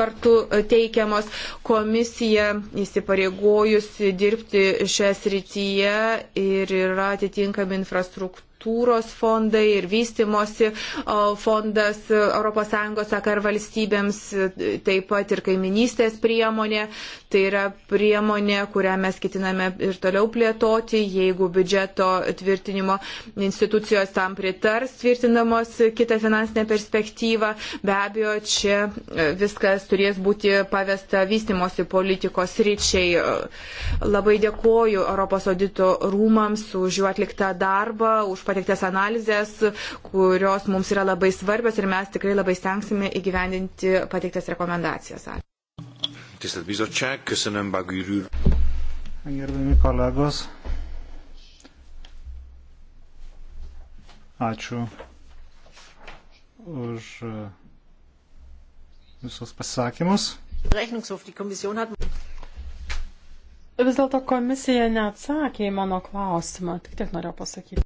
kartu e, teikiamos. Komisija įsipareigojusi dirbti šią srityje ir yra atitinkami infrastruktūra kultūros fondai ir vystimosi fondas ES akar valstybėms, e, taip pat ir kaiminystės priemonė. Tai yra priemonė, kurią mes ketiname ir toliau plėtoti, jeigu biudžeto tvirtinimo institucijos tam pritars, tvirtindamos kitą finansinę perspektyvą. Be abejo, čia e, viskas turės būti pavesta vystimosi politikos ryčiai. E, labai dėkoju Europos audito rūmams už jų atliktą darbą, už pateiktas analizės, kurios mums yra labai svarbios ir mes tikrai labai stengsime įgyvendinti pateiktas rekomendacijas. Tisztelt Bizottság, köszönöm Bagűr úr. Gerbiami kolegos, ačiū už uh, visus pasakymus. Vis dėlto komisija neatsakė į mano klausimą, tik tiek noriu pasakyti.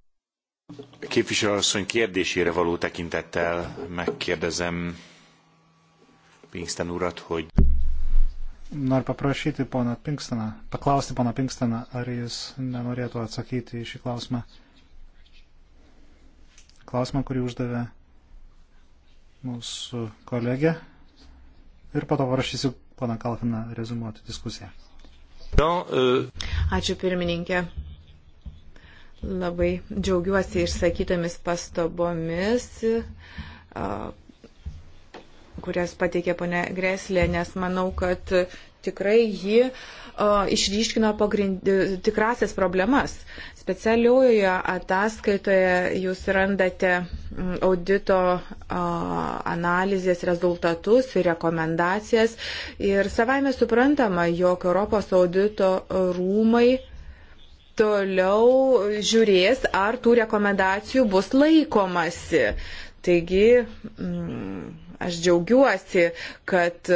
Képviselőasszony kérdésére való tekintettel megkérdezem Pinkston urat, hogy... Noriu paprašyti poną Pinkstoną, paklausti poną Pinkstoną, ar jis nenorėtų atsakyti į šį klausimą. Klausimą, kurį uždavė mūsų kolegė. Ir po to parašysiu poną Kalfiną rezumuoti diskusiją. Euh, Ačiū pirmininkė. Labai džiaugiuosi išsakytomis pastabomis, kurias pateikė ponė Greslė, nes manau, kad tikrai ji išryškino pagrind... tikrasias problemas. Specialiojoje ataskaitoje jūs randate audito analizės rezultatus ir rekomendacijas. Ir savaime suprantama, jog Europos audito rūmai toliau žiūrės, ar tų rekomendacijų bus laikomasi. Taigi, mm, Aš džiaugiuosi, kad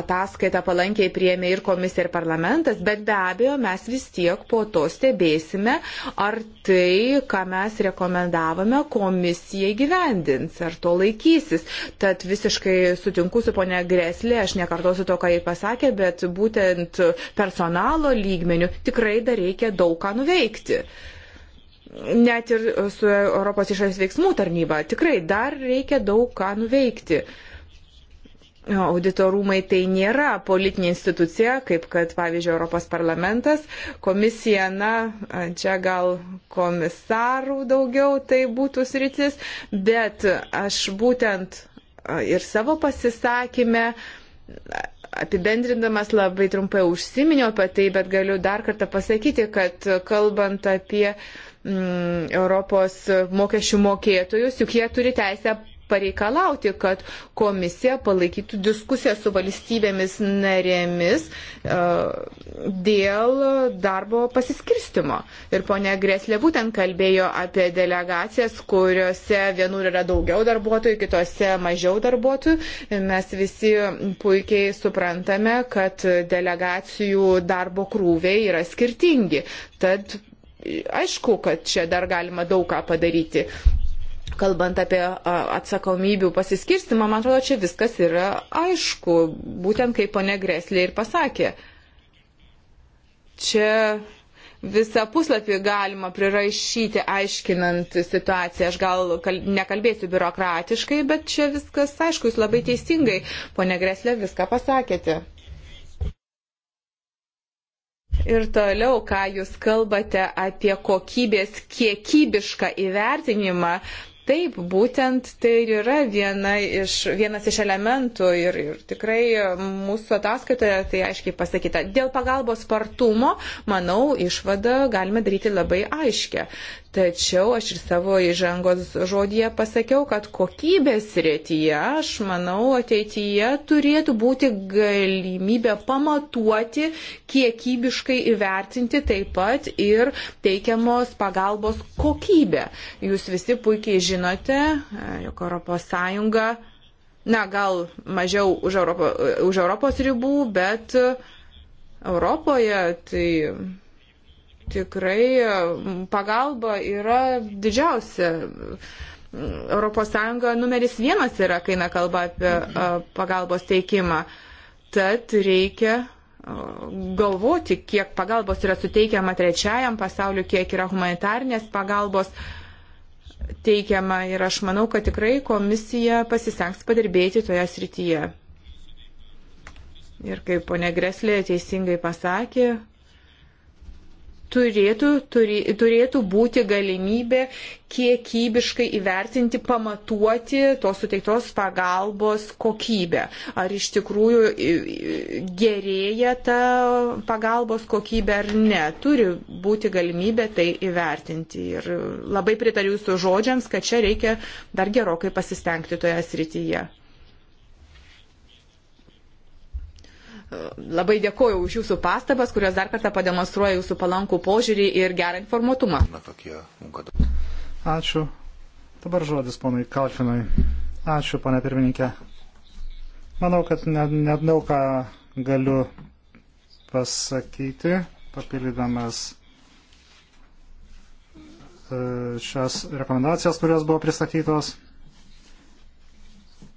ataskaitą palankiai priemė ir komisija, ir parlamentas, bet be abejo mes vis tiek po to stebėsime, ar tai, ką mes rekomendavome, komisija gyvendins, ar to laikysis. Tad visiškai sutinku su ponia Greslė, aš nekartosiu to, ką jį pasakė, bet būtent personalo lygmenių tikrai dar reikia daug ką nuveikti net ir su Europos išorės veiksmų tarnyba. Tikrai dar reikia daug ką nuveikti. Auditorumai tai nėra politinė institucija, kaip kad, pavyzdžiui, Europos parlamentas, komisija, na, čia gal komisarų daugiau tai būtų sritis, bet aš būtent ir savo pasisakymę apibendrindamas labai trumpai užsiminiau apie tai, bet galiu dar kartą pasakyti, kad kalbant apie uh, mm, Europos mokesčių mokėtojus, juk jie turi teisę pareikalauti, kad komisija palaikytų diskusiją su valstybėmis narėmis e, dėl darbo pasiskirstimo. Ir ponia Greslė būtent kalbėjo apie delegacijas, kuriuose vienur yra daugiau darbuotojų, kitose mažiau darbuotojų. Mes visi puikiai suprantame, kad delegacijų darbo krūviai yra skirtingi. Tad aišku, kad čia dar galima daug ką padaryti. Kalbant apie atsakomybių pasiskirstimą, man atrodo, čia viskas yra aišku, būtent kaip ponė Greslė ir pasakė. Čia visą puslapį galima prirašyti, aiškinant situaciją. Aš gal kal nekalbėsiu biurokratiškai, bet čia viskas, aišku, jūs labai teisingai, ponė Greslė, viską pasakėte ir toliau, ką jūs kalbate apie kokybės kiekybišką įvertinimą, Taip, būtent tai ir yra viena iš, vienas iš elementų ir, ir tikrai mūsų ataskaitoje tai aiškiai pasakyta. Dėl pagalbos spartumo, manau, išvadą galime daryti labai aiškę. Tačiau aš ir savo įžangos žodėje pasakiau, kad kokybės rytyje, aš manau, ateityje turėtų būti galimybė pamatuoti, kiekybiškai įvertinti taip pat ir teikiamos pagalbos kokybę. Jūs visi puikiai žinote, jog ES na gal mažiau už, Europo, už Europos ribų, bet Europoje tai tikrai pagalba yra didžiausia. ES numeris vienas yra, kai na kalba apie pagalbos teikimą. Tad reikia galvoti, kiek pagalbos yra suteikiama trečiajam pasauliu, kiek yra humanitarnės pagalbos teikiama ir aš manau, kad tikrai komisija pasisengs padirbėti toje srityje. Ir kaip ponė Greslė teisingai pasakė, turėtų, turė, turėtų būti galimybė kiekybiškai įvertinti, pamatuoti tos suteiktos pagalbos kokybę. Ar iš tikrųjų gerėja ta pagalbos kokybė ar ne. Turi būti galimybė tai įvertinti. Ir labai pritariu jūsų žodžiams, kad čia reikia dar gerokai pasistengti toje srityje. Labai dėkoju už jūsų pastabas, kurios dar kartą pademonstruoja jūsų palankų požiūrį ir gerą informatumą. Ačiū. Dabar žodis ponui Kalfinui. Ačiū, pane pirmininkė. Manau, kad net, net daug ką galiu pasakyti, papildydamas e, šias rekomendacijas, kurios buvo pristatytos.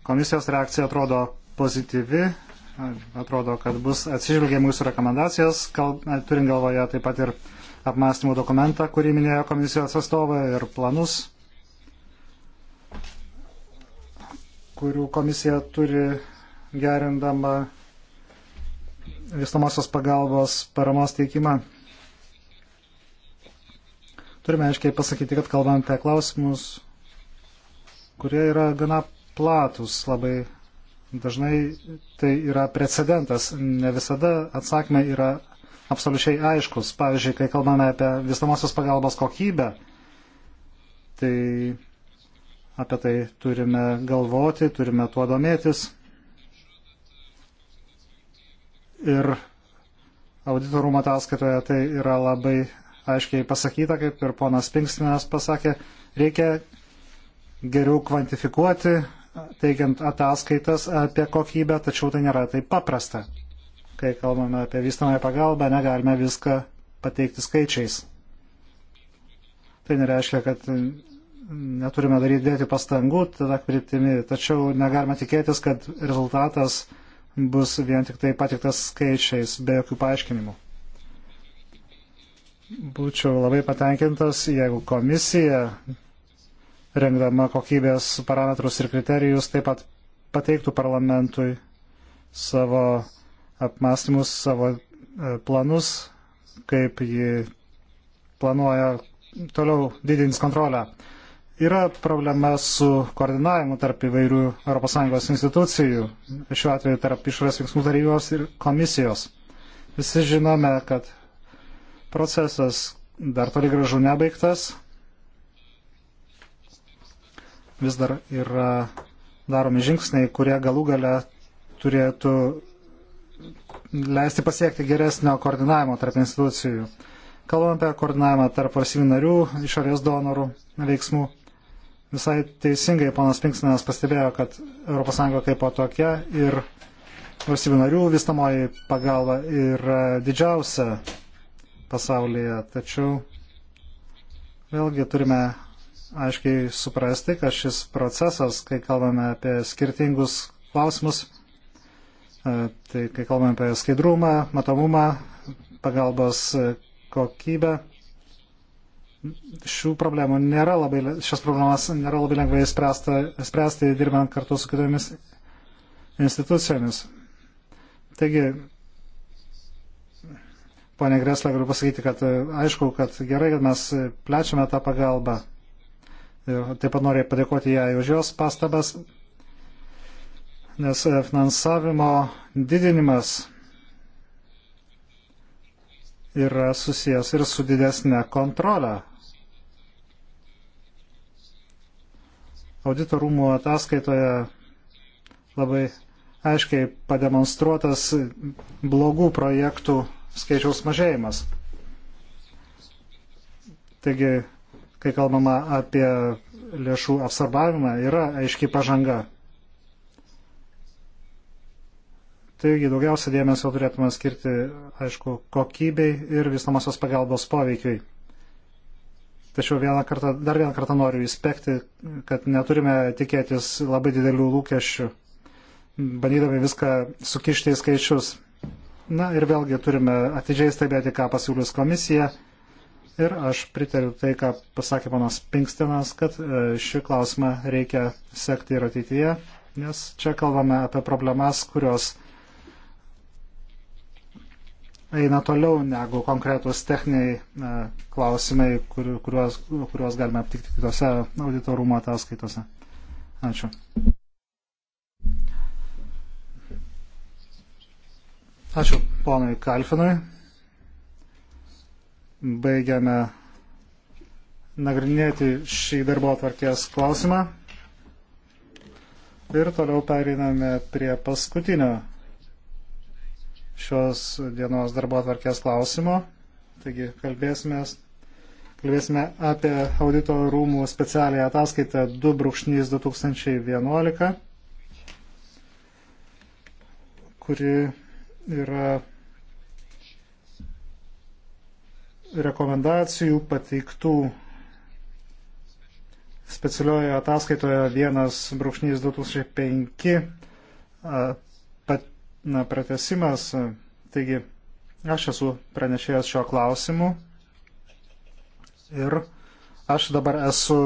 Komisijos reakcija atrodo pozityvi atrodo, kad bus atsižvelgiama mūsų rekomendacijas, kal, turint galvoje taip pat ir apmąstymų dokumentą, kurį minėjo komisijos atstovai ir planus, kurių komisija turi gerindama vystamosios pagalbos paramos teikimą. Turime aiškiai pasakyti, kad kalbant apie klausimus, kurie yra gana platus, labai Dažnai tai yra precedentas. Ne visada atsakymai yra absoliučiai aiškus. Pavyzdžiui, kai kalbame apie visnamosios pagalbos kokybę, tai apie tai turime galvoti, turime tuo domėtis. Ir auditorumo ataskaitoje tai yra labai aiškiai pasakyta, kaip ir ponas Pinkstinas pasakė, reikia geriau kvantifikuoti teikiant ataskaitas apie kokybę, tačiau tai nėra taip paprasta. Kai kalbame apie vystamąją pagalbą, negalime viską pateikti skaičiais. Tai nereiškia, kad neturime daryti dėti pastangų tada kryptimi, tačiau negalime tikėtis, kad rezultatas bus vien tik tai patiktas skaičiais, be jokių paaiškinimų. Būčiau labai patenkintas, jeigu komisija rengdama kokybės parametrus ir kriterijus, taip pat pateiktų parlamentui savo apmastymus, savo e, planus, kaip ji planuoja toliau didins kontrolę. Yra problema su koordinavimu tarp įvairių ES institucijų, šiuo atveju tarp išorės veiksmų tarybos ir komisijos. Visi žinome, kad procesas dar toli gražu nebaigtas, vis dar yra daromi žingsniai, kurie galų gale turėtų leisti pasiekti geresnio koordinavimo tarp institucijų. Kalbam apie koordinavimą tarp valstybių narių, išorės donorų veiksmų. Visai teisingai panas Pinksinas pastebėjo, kad ES kaip po tokia ir valstybių narių vystamoji pagalba yra didžiausia pasaulyje. Tačiau vėlgi turime aiškiai suprasti, kad šis procesas, kai kalbame apie skirtingus klausimus, e, tai kai kalbame apie skaidrumą, matomumą, pagalbos e, kokybę, šių problemų nėra labai, šias problemas nėra labai lengvai spręsta, spręsti dirbant kartu su kitomis institucijomis. Taigi, ponė Greslė, galiu pasakyti, kad e, aišku, kad gerai, kad mes plečiame tą pagalbą. Taip pat noriu padėkoti jai už jos pastabas, nes e, finansavimo didinimas yra susijęs ir su didesnė kontrolė. Audito rūmų ataskaitoje labai aiškiai pademonstruotas blogų projektų skaičiaus mažėjimas. Taigi kai kalbama apie lėšų apsarbavimą, yra aiški pažanga. Taigi daugiausia dėmesio turėtume skirti, aišku, kokybei ir vystamosios pagalbos poveikiai. Tačiau vieną kartą, dar vieną kartą noriu įspekti, kad neturime tikėtis labai didelių lūkesčių, bandydami viską sukišti į skaičius. Na ir vėlgi turime atidžiai stebėti, ką pasiūlys komisija Ir aš pritariu tai, ką pasakė panas Pinkstinas, kad e, šį klausimą reikia sekti ir ateityje, nes čia kalbame apie problemas, kurios eina toliau negu konkretus techniniai e, klausimai, kur, kuriuos, kuriuos galime aptikti kitose auditorumo ataskaitose. Ačiū. Ačiū ponui Kalfinui baigiame nagrinėti šį darbo atvarkės klausimą. Ir toliau pereiname prie paskutinio šios dienos darbo atvarkės klausimo. Taigi kalbėsime, kalbėsime apie audito rūmų specialią ataskaitą 2.2011, kuri yra rekomendacijų pateiktų specialioje ataskaitoje 1.2005 pratesimas. Taigi, aš esu pranešėjęs šio klausimu ir aš dabar esu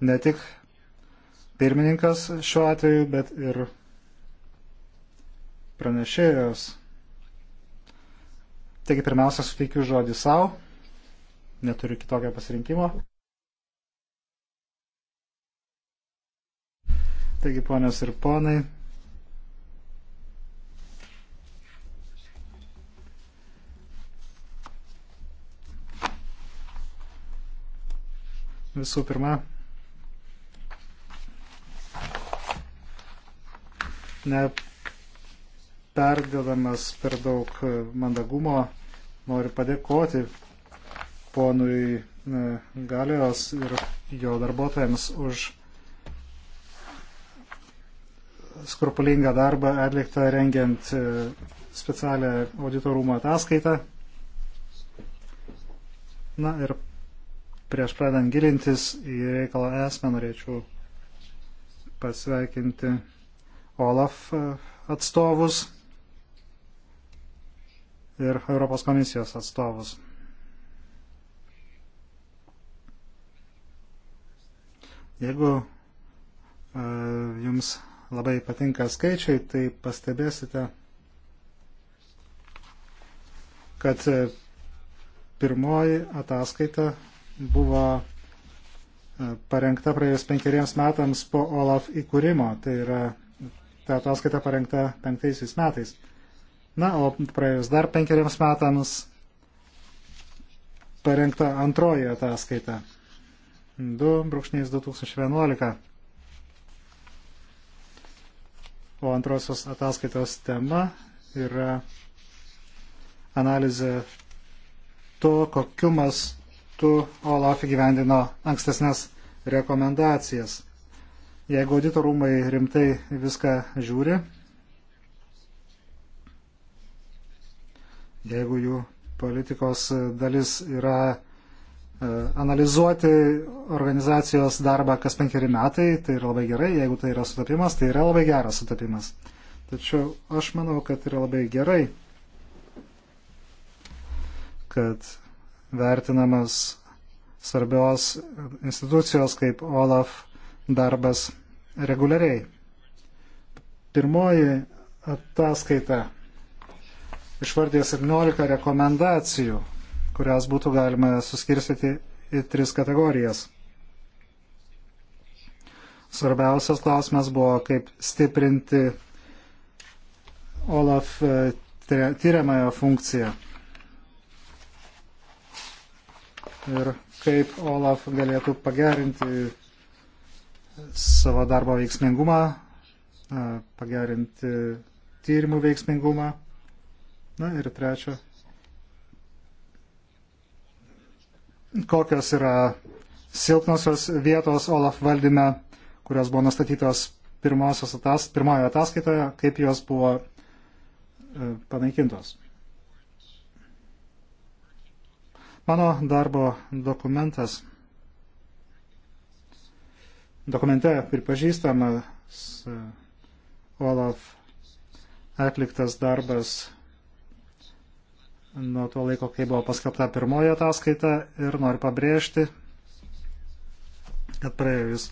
ne tik pirmininkas šiuo atveju, bet ir pranešėjas. Taigi, pirmiausia, suteikiu žodį savo neturiu kitokio pasirinkimo. Taigi, ponios ir ponai, visų pirma, neperdėdamas per daug mandagumo, noriu padėkoti ponui e, Galijos ir jo darbuotojams už skrupulingą darbą atliktą rengiant e, specialią auditorumo ataskaitą. Na ir prieš pradant gilintis į reikalą esmę norėčiau pasveikinti OLAF e, atstovus ir Europos komisijos atstovus. Jeigu e, jums labai patinka skaičiai, tai pastebėsite, kad e, pirmoji ataskaita buvo e, parengta praėjus penkeriems metams po OLAF įkūrimo. Tai yra ta ataskaita parengta penktaisiais metais. Na, o praėjus dar penkeriems metams parengta antroji ataskaita. 2.2011. O antrosios ataskaitos tema yra analizė to, kokiu mastu OLAF įgyvendino ankstesnės rekomendacijas. Jeigu auditorumai rimtai viską žiūri, jeigu jų politikos dalis yra E, analizuoti organizacijos darbą kas penkeri metai, tai yra labai gerai, jeigu tai yra sutapimas, tai yra labai geras sutapimas. Tačiau aš manau, kad yra labai gerai, kad vertinamas svarbios institucijos kaip OLAF darbas reguliariai. Pirmoji ataskaita išvardė 17 rekomendacijų kurias būtų galima suskirstyti į tris kategorijas. Svarbiausias klausimas buvo, kaip stiprinti OLAF e, tyriamąją funkciją. Ir kaip OLAF galėtų pagerinti savo darbo veiksmingumą, e, pagerinti tyrimų veiksmingumą. Na ir trečia, kokios yra silpnosios vietos Olaf valdyme, kurios buvo nustatytos atas, pirmojoje ataskaitoje, kaip jos buvo e, panaikintos. Mano darbo dokumentas. Dokumente pripažįstamas e, Olaf atliktas darbas nuo to laiko, kai buvo paskelbta pirmoji ataskaita ir noriu pabrėžti, kad praėjus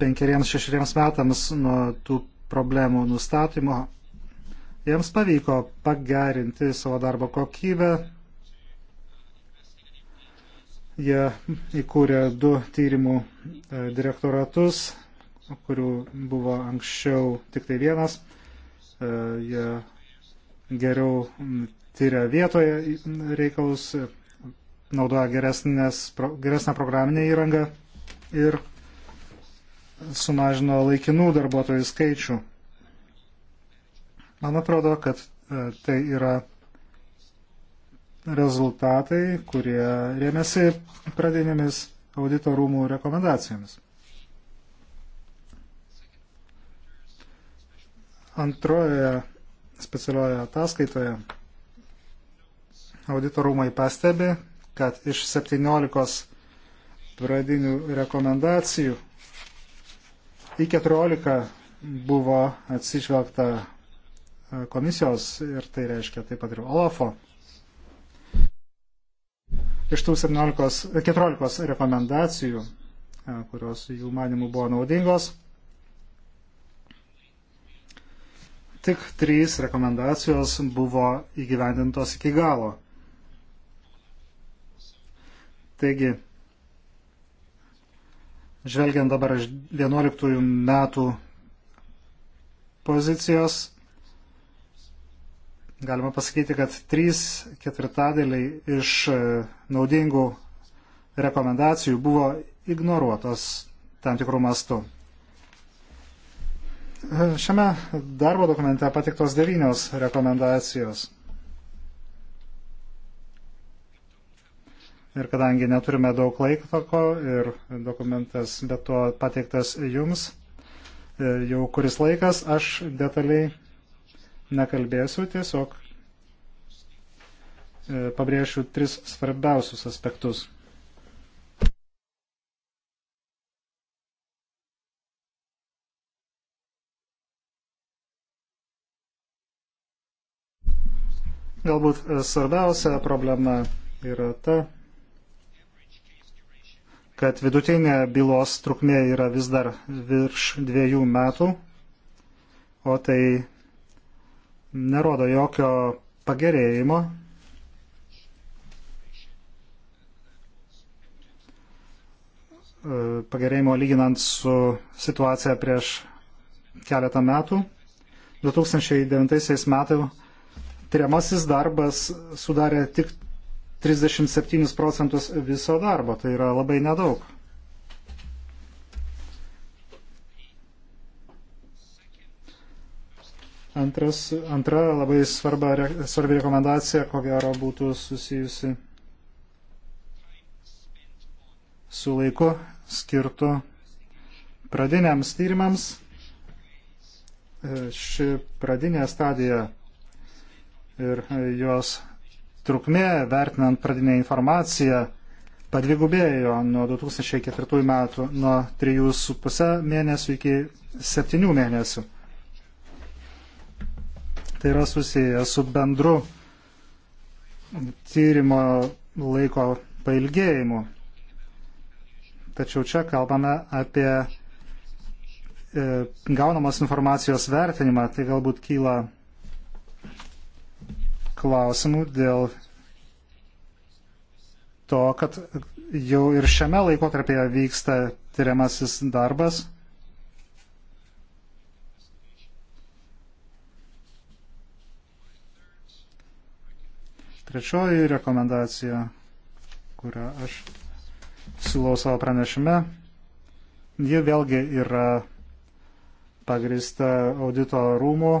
penkeriems, šešeriems metams nuo tų problemų nustatymo, jiems pavyko pagerinti savo darbo kokybę. Jie įkūrė du tyrimų e, direktoratus, kurių buvo anksčiau tik tai vienas. E, jie geriau tyria vietoje reikalus, naudoja geresnės, geresnę programinę įrangą ir sumažino laikinų darbuotojų skaičių. Man atrodo, kad e, tai yra rezultatai, kurie rėmėsi pradinėmis audito rūmų rekomendacijomis. Antrojoje specialioje ataskaitoje auditorumai pastebi, kad iš 17 pradinių rekomendacijų į 14 buvo atsižvelgta e, komisijos ir tai reiškia taip pat ir OLAFO. Iš tų 17, 14 e, rekomendacijų, e, kurios jų manimų buvo naudingos, tik trys rekomendacijos buvo įgyvendintos iki galo. Taigi, žvelgiant dabar 11 metų pozicijos, galima pasakyti, kad 3 ketvirtadėliai iš e, naudingų rekomendacijų buvo ignoruotos tam tikrų mastų. E, šiame darbo dokumente patiktos devynios rekomendacijos. Ir kadangi neturime daug laiko ir dokumentas be to pateiktas jums, e, jau kuris laikas aš detaliai nekalbėsiu, tiesiog e, pabrėšiu tris svarbiausius aspektus. Galbūt svarbiausia problema yra ta, kad vidutinė bylos trukmė yra vis dar virš dviejų metų, o tai nerodo jokio pagerėjimo. pagerėjimo lyginant su situacija prieš keletą metų. 2009 metų tyriamasis darbas sudarė tik 37 procentus viso darbo. Tai yra labai nedaug. Antras, antra labai svarba, svarbi rekomendacija, ko gero, būtų susijusi su laiku skirtu pradiniams tyrimams. E, ši pradinė stadija ir jos trukmė, vertinant pradinę informaciją, padvigubėjo nuo 2004 metų, nuo 3,5 mėnesių iki 7 mėnesių. Tai yra susiję su bendru tyrimo laiko pailgėjimu. Tačiau čia kalbame apie e, gaunamos informacijos vertinimą, tai galbūt kyla klausimų dėl to, kad jau ir šiame laikotarpėje vyksta tyriamasis darbas. Trečioji rekomendacija, kurią aš siūlau savo pranešime, ji vėlgi yra pagrįsta audito rūmų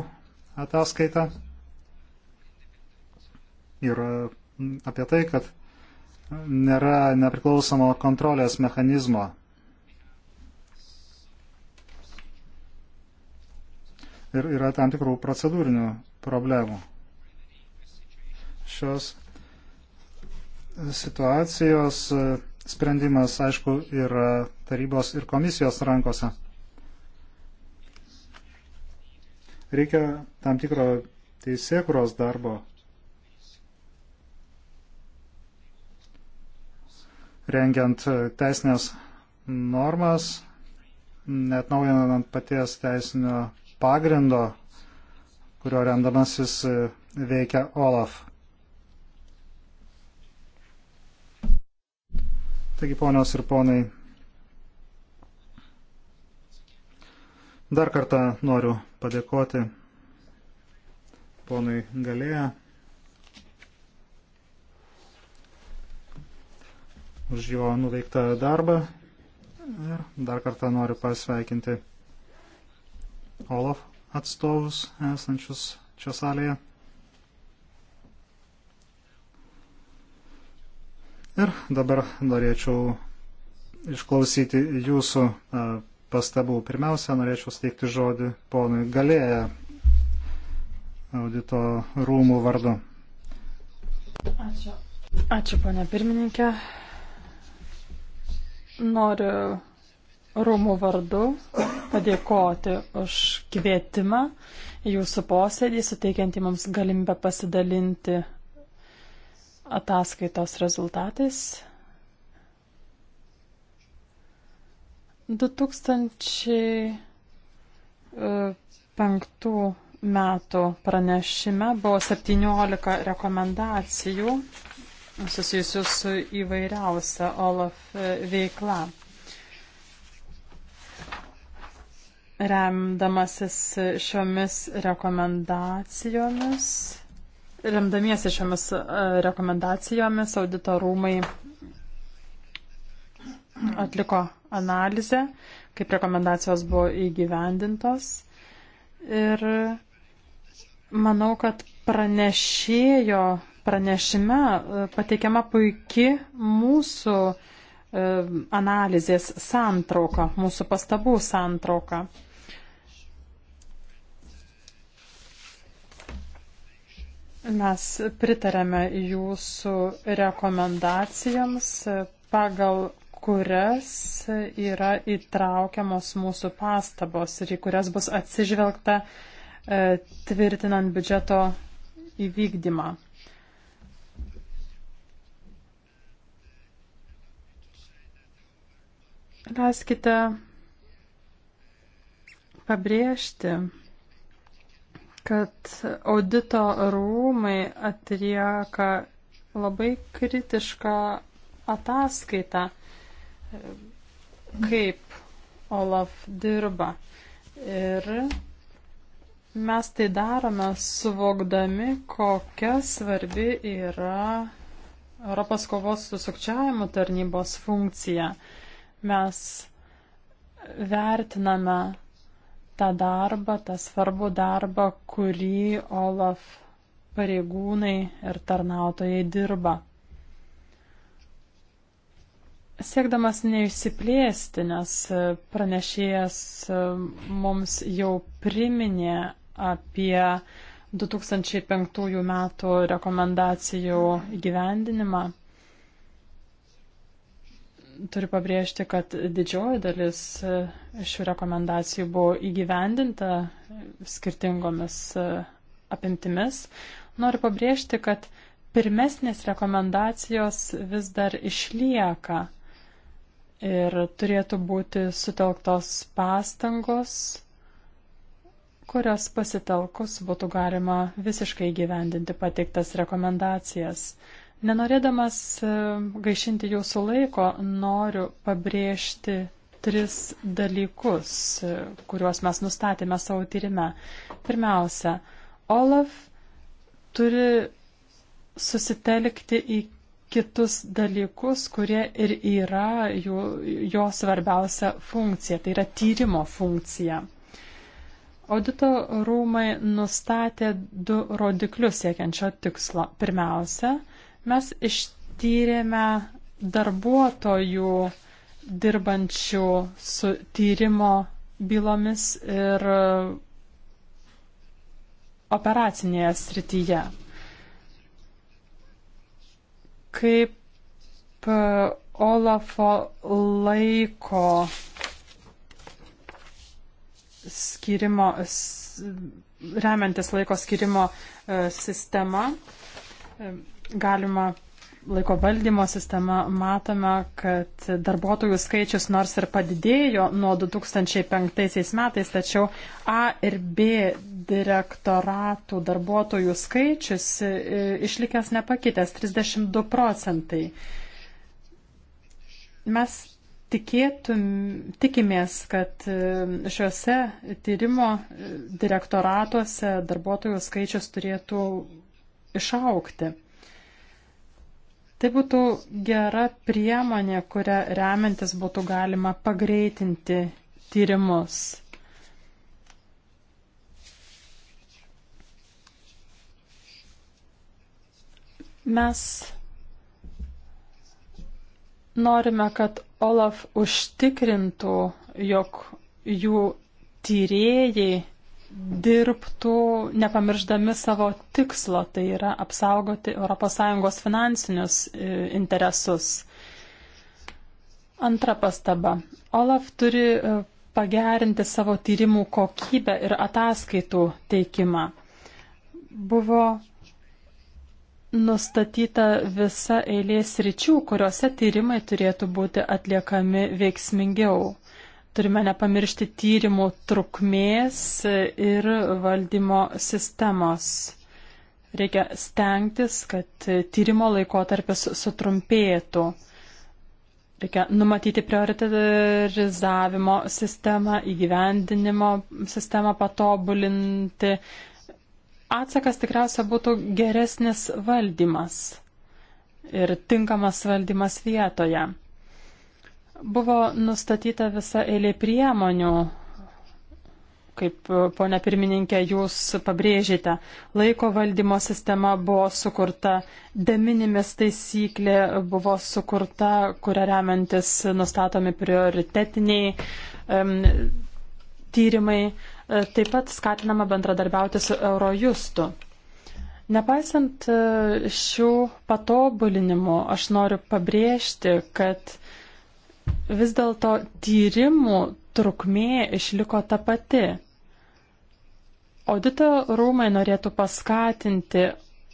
ataskaita yra apie tai, kad nėra nepriklausomo kontrolės mechanizmo. Ir yra tam tikrų procedūrinių problemų. Šios situacijos e, sprendimas, aišku, yra tarybos ir komisijos rankose. Reikia tam tikro teisėkuros darbo rengiant teisinės normas, net naujinant paties teisinio pagrindo, kurio rendamasis veikia OLAF. Taigi, ponios ir ponai, dar kartą noriu padėkoti ponui Galėja. už jo nuveiktą darbą. Ir dar kartą noriu pasveikinti Olaf atstovus esančius čia salėje. Ir dabar norėčiau išklausyti jūsų e, pastabų. Pirmiausia, norėčiau steikti žodį ponui Galėja audito rūmų vardu. Ačiū. Ačiū, ponė pirmininkė. Noriu rūmų vardu padėkoti už kvietimą jūsų posėdį, suteikiantį mums galimybę pasidalinti ataskaitos rezultatais. 2005 e, metų pranešime buvo 17 rekomendacijų susijusių su įvairiausia OLAF e, veikla. Remdamasis šiomis rekomendacijomis, remdamiesi šiomis e, rekomendacijomis, auditorumai atliko analizę, kaip rekomendacijos buvo įgyvendintos. Ir manau, kad pranešėjo Pranešime e, pateikiama puikia mūsų e, analizės santrauka, mūsų pastabų santrauka. Mes pritarėme jūsų rekomendacijams, e, pagal kurias yra įtraukiamos mūsų pastabos ir į kurias bus atsižvelgta tvirtinant biudžeto įvykdymą. Leiskite pabrėžti, kad audito rūmai atlieka labai kritišką ataskaitą, kaip Olaf dirba. Ir mes tai darome suvokdami, kokia svarbi yra Europos kovos su sukčiavimu tarnybos funkcija. Mes vertiname tą darbą, tą svarbų darbą, kurį Olaf pareigūnai ir tarnautojai dirba. Siekdamas neišsiplėsti, nes pranešėjas mums jau priminė apie 2005 metų rekomendacijų gyvendinimą turiu pabrėžti, kad didžioji dalis e, šių rekomendacijų buvo įgyvendinta e, skirtingomis e, apimtimis. Noriu pabrėžti, kad pirmesnės rekomendacijos vis dar išlieka ir turėtų būti sutelktos pastangos, kurias pasitelkus būtų galima visiškai gyvendinti pateiktas rekomendacijas. Nenorėdamas e, gaišinti jūsų laiko, noriu pabrėžti tris dalykus, e, kuriuos mes nustatėme savo tyrime. Pirmiausia, Olaf turi susitelkti į kitus dalykus, kurie ir yra jų, jo svarbiausia funkcija, tai yra tyrimo funkcija. Audito rūmai nustatė du rodiklius siekiančio tikslo. Pirmiausia, Mes ištyrėme darbuotojų dirbančių su tyrimo bylomis ir operacinėje srityje. Kaip e, Olafo laiko skirimo, remiantis laiko skirimo e, sistema, e, galima laiko valdymo sistema matome, kad darbuotojų skaičius nors ir padidėjo nuo 2005 metais, tačiau A ir B direktoratų darbuotojų skaičius e, išlikęs nepakitęs 32 procentai. Mes tikėtum, tikimės, kad e, šiuose tyrimo e, direktoratuose darbuotojų skaičius turėtų išaukti. Tai būtų gera priemonė, kurią remiantis būtų galima pagreitinti tyrimus. Mes norime, kad Olaf užtikrintų, jog jų tyrėjai dirbtų nepamirždami savo tikslo, tai yra apsaugoti ES finansinius e, interesus. Antra pastaba. Olaf turi e, pagerinti savo tyrimų kokybę ir ataskaitų teikimą. Buvo nustatyta visa eilės ryčių, kuriuose tyrimai turėtų būti atliekami veiksmingiau. Turime nepamiršti tyrimų trukmės ir valdymo sistemos. Reikia stengtis, kad tyrimo laikotarpis sutrumpėtų. Reikia numatyti prioritizavimo sistemą, įgyvendinimo sistemą patobulinti. Atsakas tikriausia būtų geresnis valdymas ir tinkamas valdymas vietoje. Buvo nustatyta visa eilė priemonių, kaip ponia pirmininkė jūs pabrėžėte, laiko valdymo sistema buvo sukurta, deminimis taisyklė buvo sukurta, kuria remiantis nustatomi prioritetiniai um, tyrimai, e, taip pat skatinama bendradarbiauti su Eurojustu. Nepaisant e, šių patobulinimų, aš noriu pabrėžti, kad vis dėlto tyrimų trukmė išliko ta pati. Audito rūmai norėtų paskatinti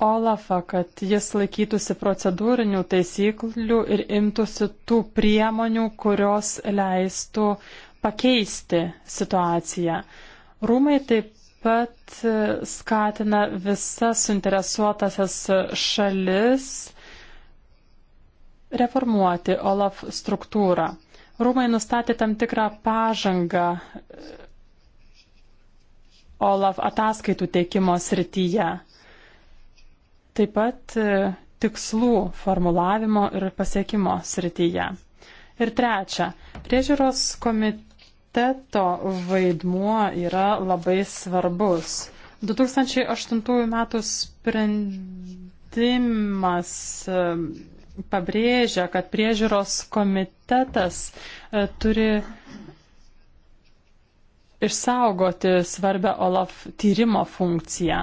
Olafą, kad jis laikytųsi procedūrinių taisyklių ir imtųsi tų priemonių, kurios leistų pakeisti situaciją. Rūmai taip pat skatina visas suinteresuotasias šalis reformuoti OLAF struktūrą. Rūmai nustatė tam tikrą pažangą e, OLAF ataskaitų teikimo srityje. Taip pat e, tikslų formulavimo ir pasiekimo srityje. Ir trečia, priežiūros komiteto vaidmuo yra labai svarbus. 2008 m. sprendimas e, pabrėžia, kad priežiūros komitetas e, turi išsaugoti svarbę OLAF tyrimo funkciją.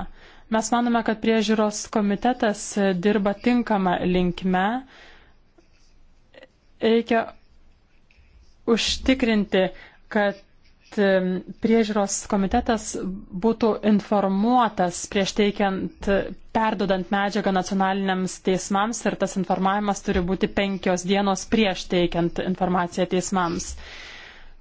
Mes manome, kad priežiūros komitetas e, dirba tinkamą linkme. Reikia užtikrinti, kad kad priežiūros komitetas būtų informuotas prieš teikiant, perdodant medžiagą nacionaliniams teismams ir tas informavimas turi būti penkios dienos prieš teikiant informaciją teismams.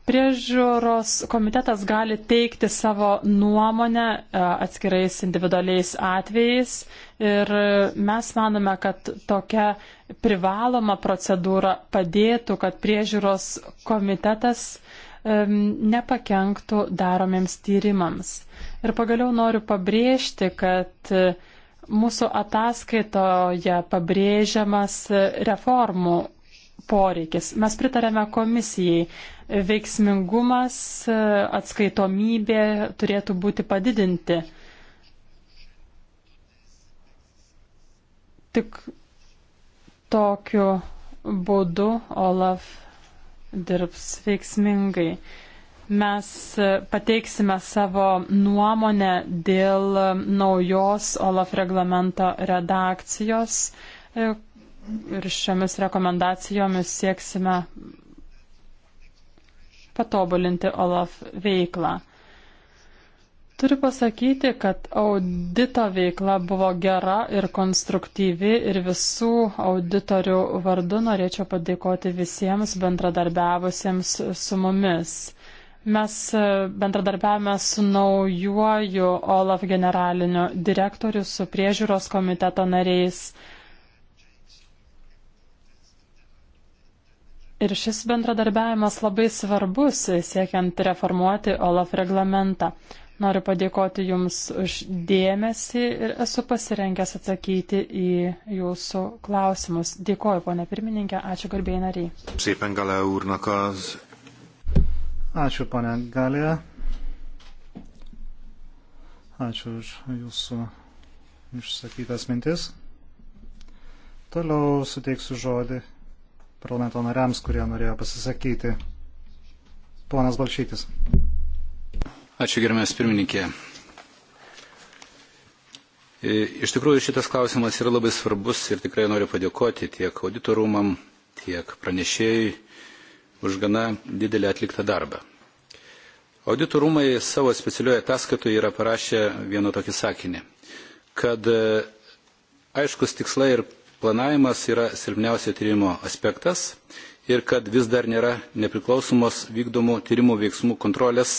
Priežiūros komitetas gali teikti savo nuomonę e, atskirais individualiais atvejais ir e, mes manome, kad tokia privaloma procedūra padėtų, kad priežiūros komitetas uh, nepakenktų daromiems tyrimams. Ir pagaliau noriu pabrėžti, kad e, mūsų ataskaitoje pabrėžiamas e, reformų poreikis. Mes pritarėme komisijai. Veiksmingumas, e, atskaitomybė turėtų būti padidinti. Tik tokiu būdu Olaf dirbs veiksmingai. Mes pateiksime savo nuomonę dėl naujos OLAF reglamento redakcijos ir šiomis rekomendacijomis sieksime patobulinti OLAF veiklą. Turiu pasakyti, kad audito veikla buvo gera ir konstruktyvi ir visų auditorių vardu norėčiau padėkoti visiems bendradarbiavusiems su mumis. Mes e, bendradarbiavame su naujuoju OLAF generaliniu direktoriu, su priežiūros komiteto nariais. Ir šis bendradarbiavimas labai svarbus siekiant reformuoti OLAF reglamentą. Noriu padėkoti Jums už dėmesį ir esu pasirengęs atsakyti į Jūsų klausimus. Dėkoju, ponė pirmininkė, ačiū garbėjai nariai. Ačiū, ponė Galija. Ačiū už Jūsų išsakytas mintis. Toliau suteiksiu žodį parlamento nariams, kurie norėjo pasisakyti. Ponas Balšytis. Ačiū gerbiamas pirmininkė. E, iš tikrųjų šitas klausimas yra labai svarbus ir tikrai noriu padėkoti tiek auditorumam, tiek pranešėjai už gana didelį atliktą darbą. Auditorumai savo specialioje ataskaitoje yra parašę vieną tokį sakinį, kad e, aiškus tikslai ir planavimas yra silpniausio tyrimo aspektas ir kad vis dar nėra nepriklausomos vykdomų tyrimų veiksmų kontrolės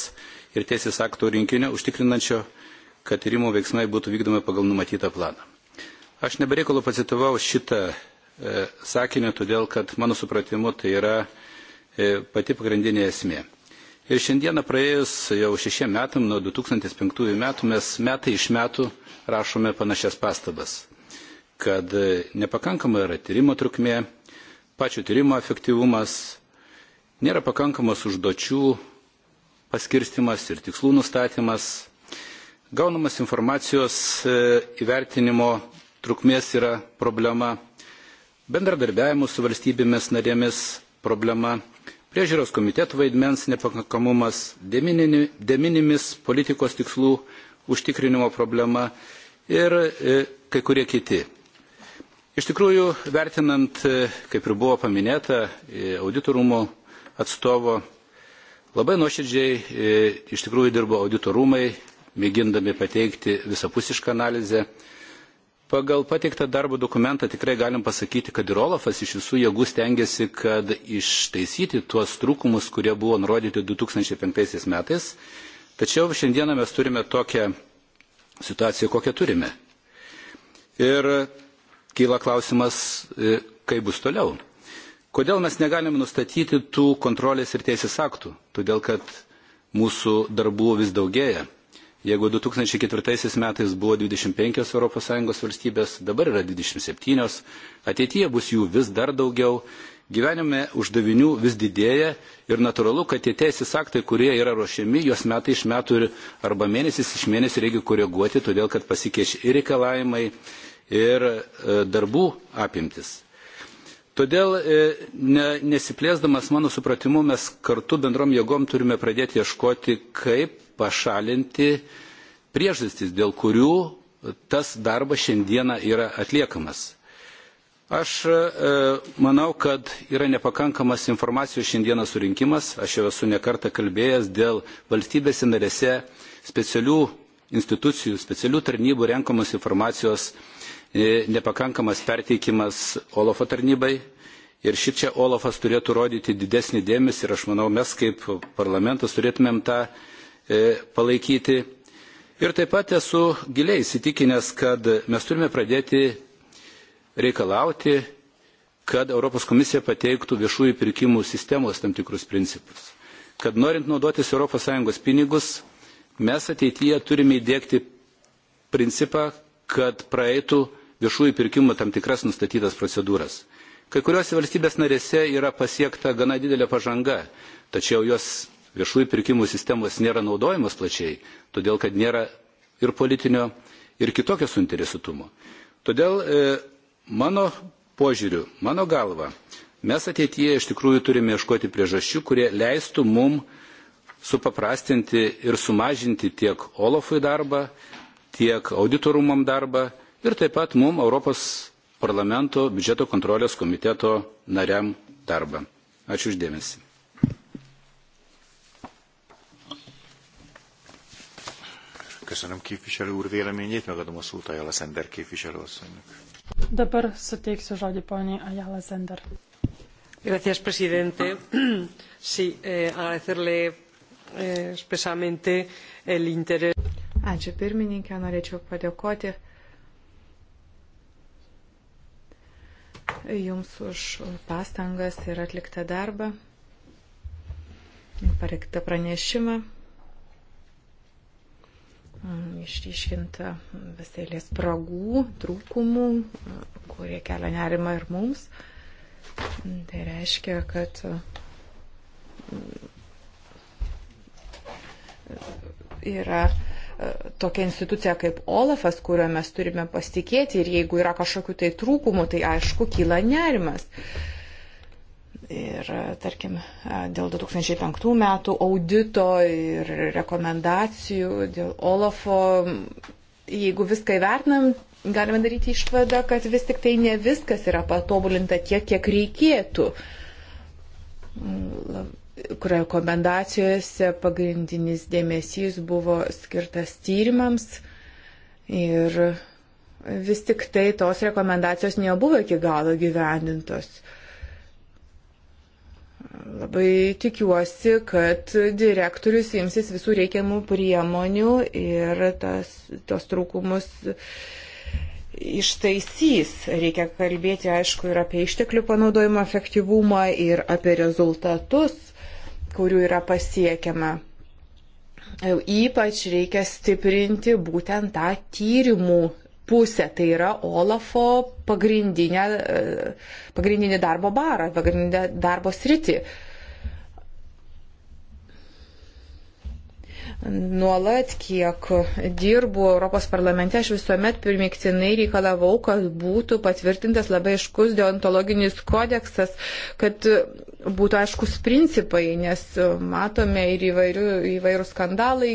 ir teisės aktų rinkinio užtikrinančio, kad tyrimo veiksmai būtų vykdomi pagal numatytą planą. Aš nebereikalo pacitavau šitą e, sakinį, todėl kad mano supratimu tai yra e, pati pagrindinė esmė. Ir šiandieną praėjus jau šešiem metam, nuo 2005 metų, mes metai iš metų rašome panašias pastabas, kad e, nepakankama yra tyrimo trukmė, pačio tyrimo efektyvumas, nėra pakankamos užduočių paskirstimas ir tikslų nustatymas. Gaunamas informacijos e, įvertinimo trukmės yra problema, bendradarbiavimo su valstybėmis narėmis problema, priežiūros komitetų vaidmens nepakankamumas, deminimis politikos tikslų užtikrinimo problema ir e, kai kurie kiti. Iš tikrųjų, vertinant, e, kaip ir buvo paminėta, auditorumų atstovo Labai nuoširdžiai e, iš tikrųjų dirbo auditorumai, mėgindami pateikti visapusišką analizę. Pagal pateiktą darbo dokumentą tikrai galim pasakyti, kad ir Olafas iš visų jėgų stengiasi, kad ištaisyti tuos trūkumus, kurie buvo nurodyti 2005 metais. Tačiau šiandieną mes turime tokią situaciją, kokią turime. Ir kyla klausimas, e, kaip bus toliau. Kodėl mes negalime nustatyti tų kontrolės ir teisės aktų? Todėl, kad mūsų darbų vis daugėja. Jeigu 2004 metais buvo 25 ES valstybės, dabar yra 27, ateityje bus jų vis dar daugiau, gyvenime uždavinių vis didėja ir natūralu, kad tie teisės aktai, kurie yra ruošiami, juos metai iš metų ir arba mėnesis iš mėnesį reikia koreguoti, todėl kad pasikeičia ir reikalavimai, ir e, darbų apimtis. Todėl e, ne, nesiplėsdamas mano supratimu, mes kartu bendrom jėgom turime pradėti ieškoti, kaip pašalinti priežastis, dėl kurių tas darbas šiandieną yra atliekamas. Aš e, manau, kad yra nepakankamas informacijos šiandieną surinkimas. Aš jau esu nekartą kalbėjęs dėl valstybėse narėse specialių institucijų, specialių tarnybų renkamos informacijos E, nepakankamas perteikimas Olofo tarnybai. Ir šičia Olofas turėtų rodyti didesnį dėmesį ir aš manau, mes kaip parlamentas turėtumėm tą e, palaikyti. Ir taip pat esu giliai įsitikinęs, kad mes turime pradėti reikalauti, kad Europos komisija pateiktų viešųjų pirkimų sistemos tam tikrus principus. Kad norint naudotis ES pinigus, mes ateityje turime įdėkti principą, kad praeitų viešųjų pirkimų tam tikras nustatytas procedūras. Kai kuriuose valstybės narėse yra pasiekta gana didelė pažanga, tačiau jos viešųjų pirkimų sistemos nėra naudojamos plačiai, todėl kad nėra ir politinio, ir kitokio suinteresuotumo. Todėl e, mano požiūriu, mano galva, mes ateityje iš tikrųjų turime ieškoti priežasčių, kurie leistų mum supaprastinti ir sumažinti tiek Olofui darbą, tiek auditorumam darbą, ir taip pat mum Europos parlamento biudžeto kontrolės komiteto nariam darbą. Ačiū uždėmesi. Köszönöm képviselő úr véleményét, megadom a szót Ajala Szender képviselő asszonynak. Dabar suteiksiu žodį poniai Ajala Zender. Gracias, presidente. Sí, eh, agradecerle eh, expresamente el interés. Ačiū pirmininkė, norėčiau padėkoti eh, Jums už pastangas ir atliktą darbą, pareiktą pranešimą, mm, išryškinta visėlės spragų, trūkumų, kurie kelia nerimą ir mums. Tai reiškia, kad mm, yra E, tokia institucija kaip Olafas, kuriuo mes turime pasitikėti ir jeigu yra kažkokių tai trūkumų, tai aišku, kyla nerimas. Ir e, tarkim, e, dėl 2005 metų audito ir rekomendacijų, dėl Olafo, jeigu viską įvertinam, galime daryti išvadą, kad vis tik tai ne viskas yra patobulinta tiek, kiek reikėtų mm, kur rekomendacijose pagrindinis dėmesys buvo skirtas tyrimams ir vis tik tai tos rekomendacijos nebuvo iki galo gyvendintos. Labai tikiuosi, kad direktorius imsis visų reikiamų priemonių ir tas, tos trūkumus ištaisys. Reikia kalbėti, aišku, ir apie išteklių panaudojimo efektyvumą, ir apie rezultatus kurių yra pasiekiama. Ypač reikia stiprinti būtent tą tyrimų pusę, tai yra Olafo e, pagrindinį darbo barą, pagrindinę darbo sritį. Uh, nuolat, kiek dirbu Europos parlamente, aš visuomet primiktinai reikalavau, kad būtų patvirtintas labai aiškus deontologinis kodeksas, kad būtų aiškus principai, nes matome ir įvairių, įvairių skandalai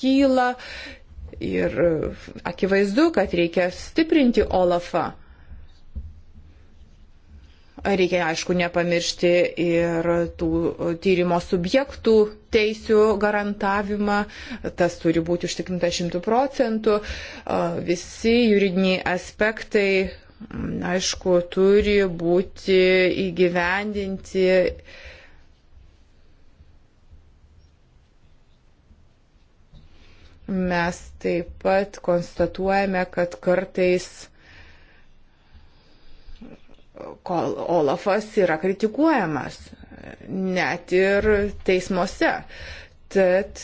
kyla ir akivaizdu, kad reikia stiprinti Olafą. Reikia, aišku, nepamiršti ir tų tyrimo subjektų teisių garantavimą. Tas turi būti užtikrinta šimtų procentų. Visi juridiniai aspektai, mm, aišku, turi būti įgyvendinti. Mes taip pat konstatuojame, kad kartais kol Olafas yra kritikuojamas net ir teismuose. Tad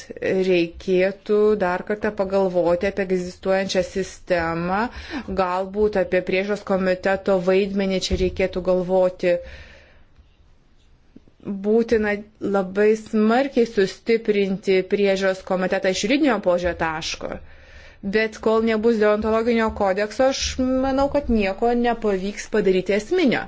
reikėtų dar kartą pagalvoti apie egzistuojančią sistemą, galbūt apie priežos komiteto vaidmenį čia reikėtų galvoti. Būtina labai smarkiai sustiprinti priežos komitetą iš juridinio požio taško bet kol nebus deontologinio kodekso, aš manau, kad nieko nepavyks padaryti esminio.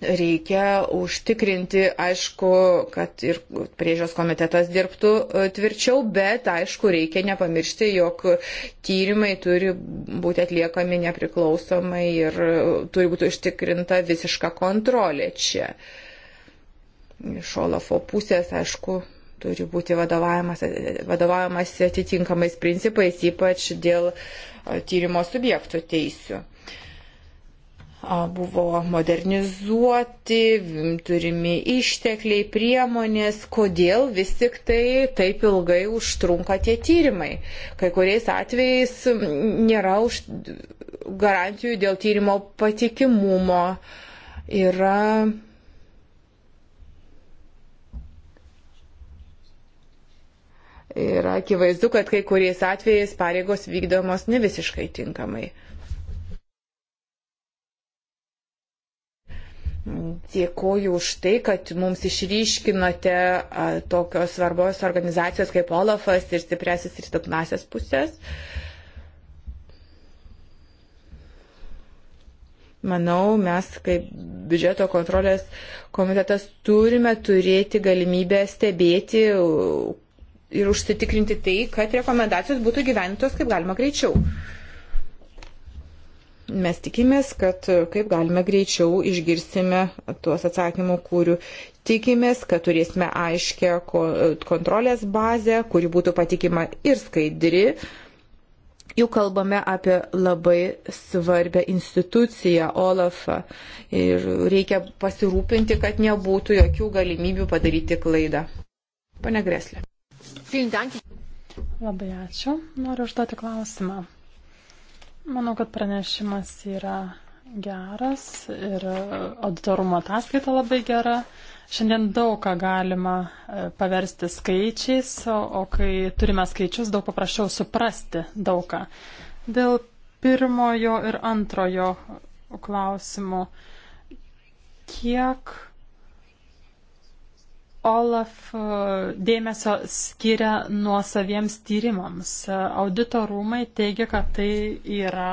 Reikia užtikrinti, aišku, kad ir priežios komitetas dirbtų e, tvirčiau, bet, aišku, reikia nepamiršti, jog tyrimai turi būti atliekami nepriklausomai ir e, turi būti užtikrinta visiška kontrolė čia. Iš Olafo pusės, aišku, turi būti vadovaujamas atitinkamais principais, ypač dėl tyrimo subjektų teisių. Buvo modernizuoti, turimi ištekliai, priemonės, kodėl vis tik tai taip ilgai užtrunka tie tyrimai. Kai kuriais atvejais nėra už garantijų dėl tyrimo patikimumo. Yra yra akivaizdu, kad kai kuriais atvejais pareigos vykdomos ne visiškai tinkamai. Dėkoju už tai, kad mums išryškinote tokios svarbos organizacijos kaip Olafas ir stipresis ir silpnasias pusės. Manau, mes kaip biudžeto kontrolės komitetas turime turėti galimybę stebėti, ir užsitikrinti tai, kad rekomendacijos būtų gyventos kaip galima greičiau. Mes tikimės, kad kaip galime greičiau išgirsime tuos atsakymų, kurių tikimės, kad turėsime aiškę kontrolės bazę, kuri būtų patikima ir skaidri. Juk kalbame apie labai svarbę instituciją, Olafą, ir reikia pasirūpinti, kad nebūtų jokių galimybių padaryti klaidą. Pane Greslė. Labai ačiū. Noriu užduoti klausimą. Manau, kad pranešimas yra geras ir auditorumo ataskaita labai gera. Šiandien daug ką galima e, paversti skaičiais, o, o kai turime skaičius, daug paprasčiau suprasti daug ką. Dėl pirmojo ir antrojo klausimų, kiek Olaf e, dėmesio skiria nuosaviems tyrimams. Audito rūmai teigia, kad tai yra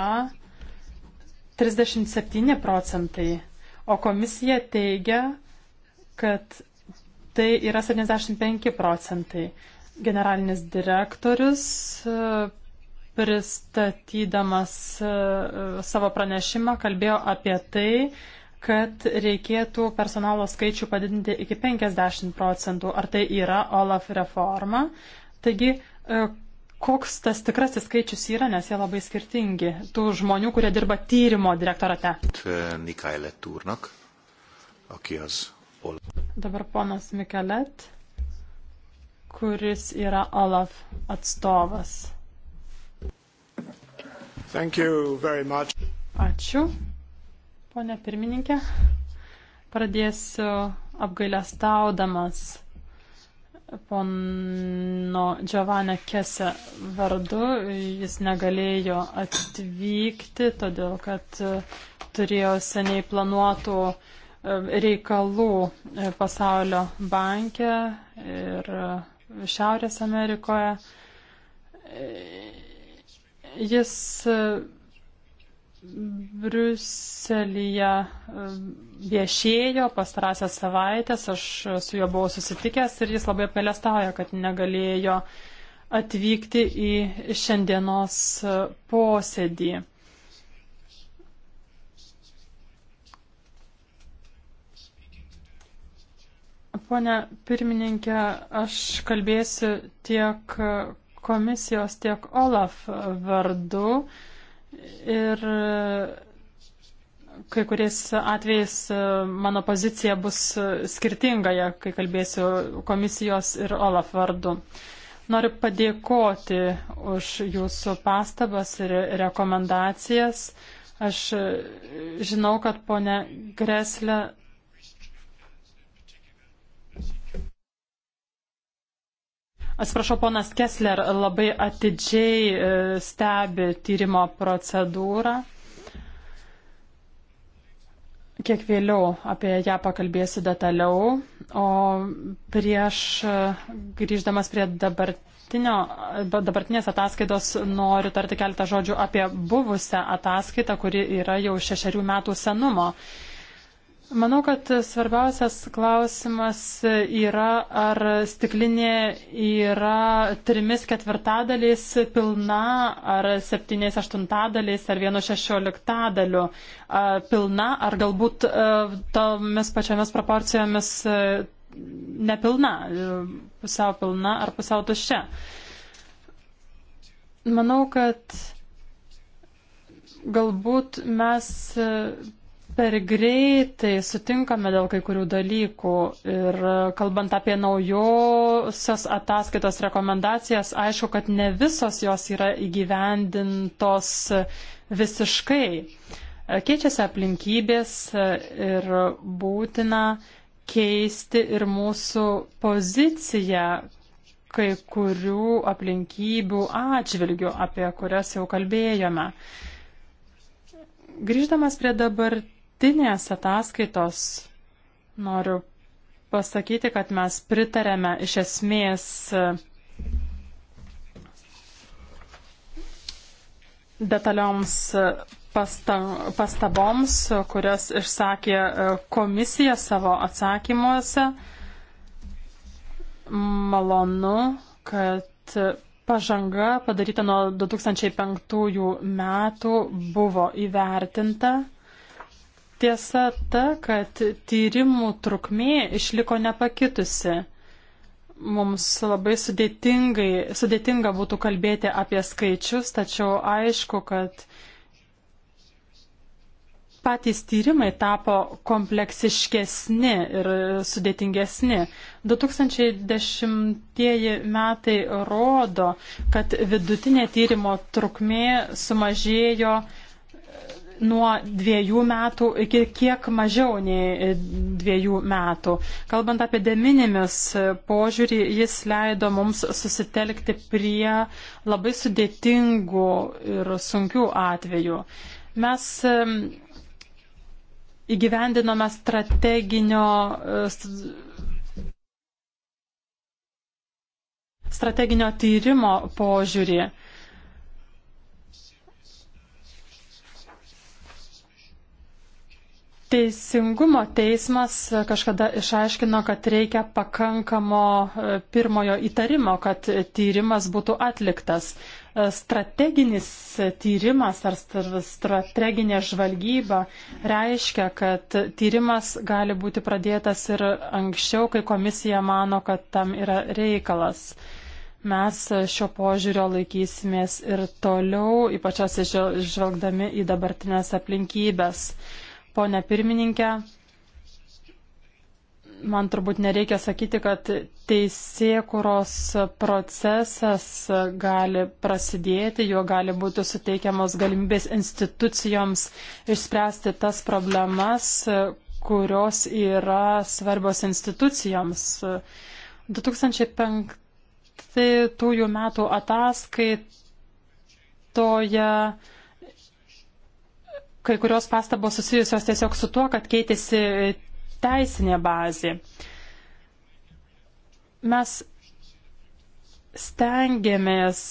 37 procentai, o komisija teigia, kad tai yra 75 procentai. Generalinis direktorius e, pristatydamas e, savo pranešimą kalbėjo apie tai, kad reikėtų personalo skaičių padidinti iki 50 procentų. Ar tai yra OLAF reforma? Taigi, e, koks tas tikrasis skaičius yra, nes jie labai skirtingi, tų žmonių, kurie dirba tyrimo direktorate. E, Mikaelė Turnak, Akijas OLAF. Dabar ponas Mikaelet, kuris yra OLAF atstovas. Ačiū. Pone pirmininkė, pradėsiu apgailestaudamas pono Giovanna Kese vardu. Jis negalėjo atvykti, todėl kad turėjo seniai planuotų e, reikalų e, pasaulio banke ir e, Šiaurės Amerikoje. Jis Briuselyje um, viešėjo pastarąsias savaitės, aš su juo buvau susitikęs ir jis labai apelestauja, kad negalėjo atvykti į šiandienos uh, posėdį. Pone pirmininkė, aš kalbėsiu tiek uh, komisijos, tiek Olaf uh, vardu. Uh, Ir e, kai kuriais atvejais e, mano pozicija bus e, skirtinga, kai kalbėsiu komisijos ir Olaf vardu. Noriu padėkoti už jūsų pastabas ir rekomendacijas. Aš žinau, kad ponia Greslė Atsiprašau, ponas Kessler labai atidžiai e, stebi tyrimo procedūrą. Kiek vėliau apie ją pakalbėsiu detaliau, o prieš e, grįždamas prie dabartinės ataskaitos noriu tarti keletą žodžių apie buvusią ataskaitą, kuri yra jau šešerių metų senumo. Manau, kad svarbiausias klausimas yra, ar stiklinė yra trimis ketvirtadaliais pilna, ar septyniais aštuntadaliais, ar vienu šešioliktadaliu pilna, ar galbūt tomis pačiomis proporcijomis nepilna, pusiau pilna ar pusiau tuščia. Manau, kad galbūt mes per greitai sutinkame dėl kai kurių dalykų ir e, kalbant apie naujosios ataskaitos rekomendacijas, aišku, kad ne visos jos yra įgyvendintos visiškai. E, keičiasi aplinkybės e, ir būtina keisti ir mūsų poziciją kai kurių aplinkybių atžvilgių, apie kurias jau kalbėjome. Grįždamas prie dabar metinės ataskaitos noriu pasakyti, kad mes pritarėme iš esmės e, detalioms e, pastaboms, kurias išsakė e, komisija savo atsakymuose. Malonu, kad pažanga padaryta nuo 2005 metų buvo įvertinta. Tiesa ta, kad tyrimų trukmė išliko nepakitusi. Mums labai sudėtinga būtų kalbėti apie skaičius, tačiau aišku, kad patys tyrimai tapo kompleksiškesni ir sudėtingesni. 2010 metai rodo, kad vidutinė tyrimo trukmė sumažėjo nuo dviejų metų iki kiek mažiau nei dviejų metų. Kalbant apie deminimis požiūrį, jis leido mums susitelkti prie labai sudėtingų ir sunkių atvejų. Mes įgyvendinome strateginio e, strateginio tyrimo požiūrį. Teisingumo teismas kažkada išaiškino, kad reikia pakankamo e, pirmojo įtarimo, kad tyrimas būtų atliktas. E, strateginis tyrimas ar strateginė žvalgyba reiškia, kad tyrimas gali būti pradėtas ir anksčiau, kai komisija mano, kad tam yra reikalas. Mes šio požiūrio laikysimės ir toliau, ypač atsižvelgdami į dabartinės aplinkybės. Pone pirmininkė, man turbūt nereikia sakyti, kad teisėkuros procesas gali prasidėti, juo gali būti suteikiamos galimybės institucijoms išspręsti tas problemas, kurios yra svarbios institucijoms. 2005 metų ataskaitoje kai kurios pastabos susijusios tiesiog su tuo, kad keitėsi teisinė bazė. Mes stengiamės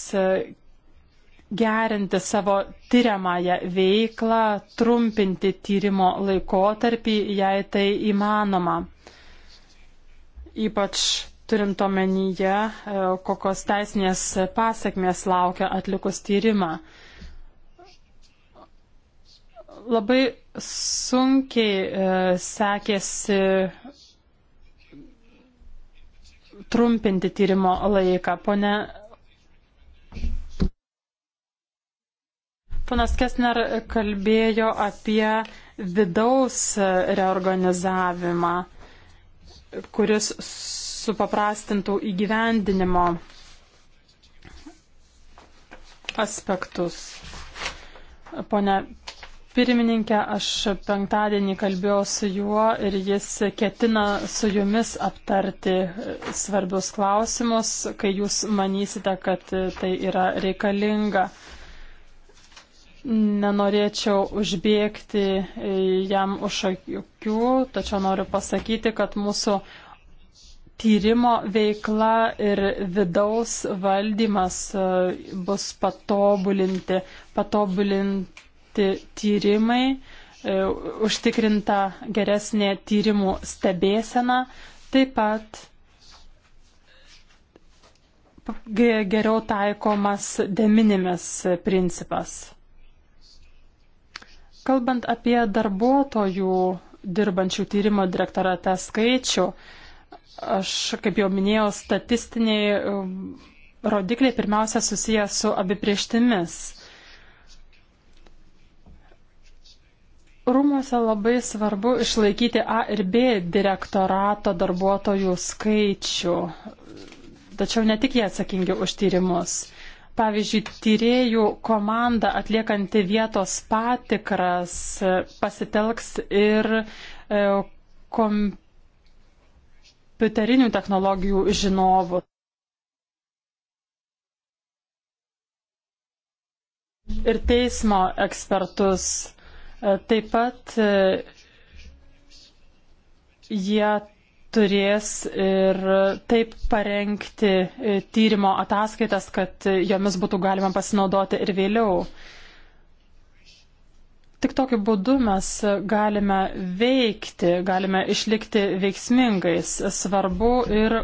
gerinti savo tyriamąją veiklą, trumpinti tyrimo laikotarpį, jei tai įmanoma. Ypač turint omenyje, e, kokios teisinės pasiekmės laukia atlikus tyrimą labai sunkiai e, sekėsi trumpinti tyrimo laiką. Pone Ponas Kesner kalbėjo apie vidaus reorganizavimą, kuris supaprastintų įgyvendinimo aspektus. Pone pirmininkė, aš penktadienį kalbėjau su juo ir jis ketina su jumis aptarti svarbius klausimus, kai jūs manysite, kad tai yra reikalinga. Nenorėčiau užbėgti jam už akių, tačiau noriu pasakyti, kad mūsų tyrimo veikla ir vidaus valdymas bus patobulinti, patobulint atlikti tyrimai, e, užtikrinta geresnė tyrimų stebėsena, taip pat geriau taikomas deminimis principas. Kalbant apie darbuotojų dirbančių tyrimo direktorate skaičių, aš, kaip jau minėjau, statistiniai um, rodikliai pirmiausia susiję su abiprieštimis. Rūmose labai svarbu išlaikyti A ir B direktorato darbuotojų skaičių, tačiau ne tik jie atsakingi už tyrimus. Pavyzdžiui, tyriejų komanda atliekanti vietos patikras pasitelks ir e, kompiuterinių technologijų žinovų. Ir teismo ekspertus Taip pat e, jie turės ir taip parengti e, tyrimo ataskaitas, kad jomis būtų galima pasinaudoti ir vėliau. Tik tokiu būdu mes galime veikti, galime išlikti veiksmingais. Svarbu ir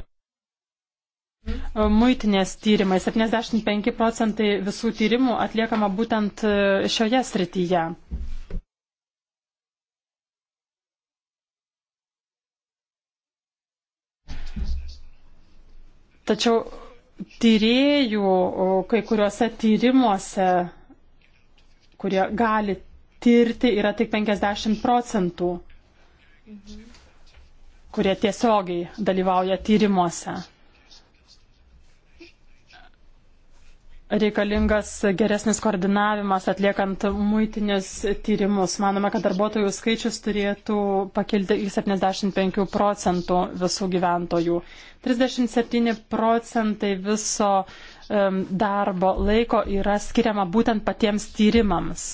muitinės tyrimai. 75 procentai visų tyrimų atliekama būtent e, šioje srityje. Tačiau tyriejų kai kuriuose tyrimuose, kurie gali tirti, yra tik 50 procentų, mhm. kurie tiesiogiai dalyvauja tyrimuose. reikalingas geresnis koordinavimas atliekant muitinius tyrimus. Manome, kad darbuotojų skaičius turėtų pakilti į 75 procentų visų gyventojų. 37 procentai viso um, darbo laiko yra skiriama būtent patiems tyrimams.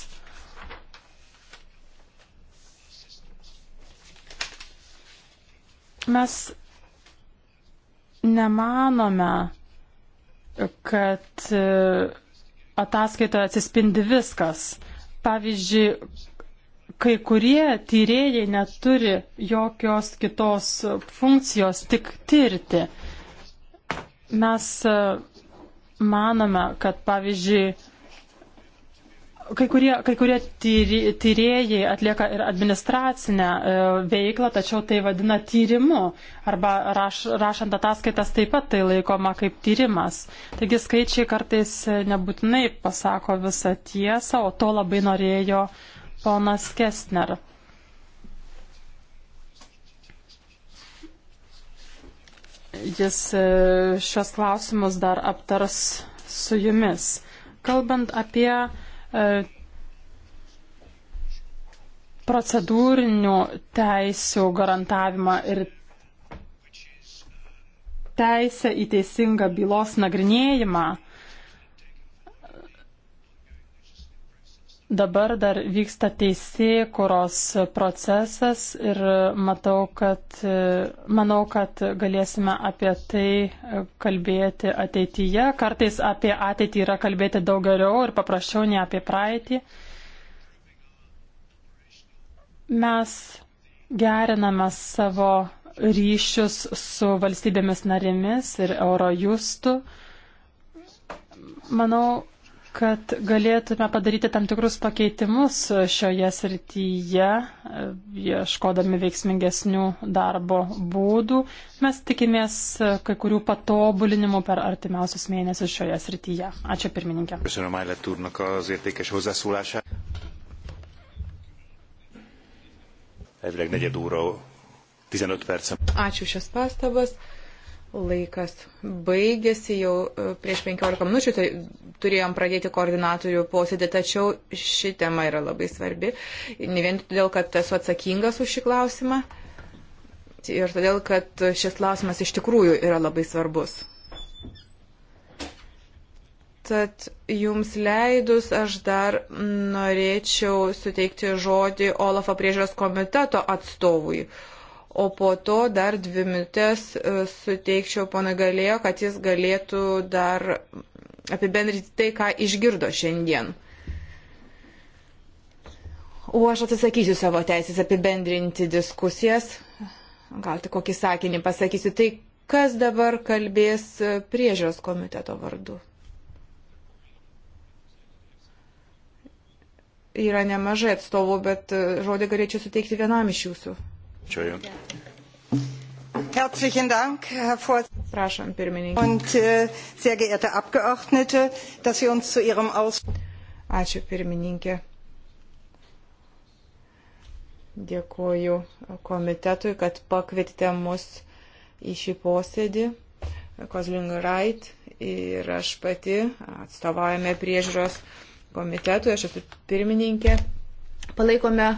Mes nemanome, kad e, ataskaitoje atsispindi viskas. Pavyzdžiui, kai kurie tyrėjai neturi jokios kitos funkcijos, tik tirti. Mes e, manome, kad pavyzdžiui, Kai kurie, kai kurie tyri, tyrėjai atlieka ir administracinę e, veiklą, tačiau tai vadina tyrimu. Arba raš, rašant ataskaitas taip pat tai laikoma kaip tyrimas. Taigi skaičiai kartais nebūtinai pasako visą tiesą, o to labai norėjo ponas Kestner. Jis e, šios klausimus dar aptars su jumis. Kalbant apie E, procedūrinių teisių garantavimą ir teisę į teisingą bylos nagrinėjimą. Dabar dar vyksta teisėkuros procesas ir matau, kad, manau, kad galėsime apie tai kalbėti ateityje. Kartais apie ateitį yra kalbėti daug geriau ir paprasčiau nei apie praeitį. Mes geriname savo ryšius su valstybėmis narėmis ir Eurojustu. Manau, kad galėtume padaryti tam tikrus pakeitimus šioje srityje, e, ieškodami veiksmingesnių darbo būdų. Mes tikimės kai kurių patobulinimų per artimiausius mėnesius šioje srityje. Ačiū pirmininkė. Ačiū šias pastabas laikas baigėsi jau e, prieš 15 minučių, tai turėjom pradėti koordinatorių posėdį, tačiau ši tema yra labai svarbi. Ne vien todėl, kad esu atsakingas už šį klausimą ir todėl, kad šis klausimas iš tikrųjų yra labai svarbus. Tad jums leidus aš dar norėčiau suteikti žodį Olafo priežiūros komiteto atstovui, o po to dar dvi minutės e, suteikčiau pana galėjo, kad jis galėtų dar apibendrinti tai, ką išgirdo šiandien. O aš atsisakysiu savo teisės apibendrinti diskusijas. Gal tik kokį sakinį pasakysiu. Tai kas dabar kalbės priežiūros komiteto vardu? Yra nemažai atstovų, bet žodį galėčiau suteikti vienam iš jūsų. Čia jau. Herzlichen Dank, Herr Vorsitzender und äh, sehr geehrte Abgeordnete, dass Sie uns zu Ihrem Ausschuss. Ačiū pirmininkė. Dėkuoju komitetui, kad pakvietėte mus į šį posėdį. Kozling Wright ir aš pati atstovaujame priežiūros komitetui, aš esu pirmininkė. Palaikome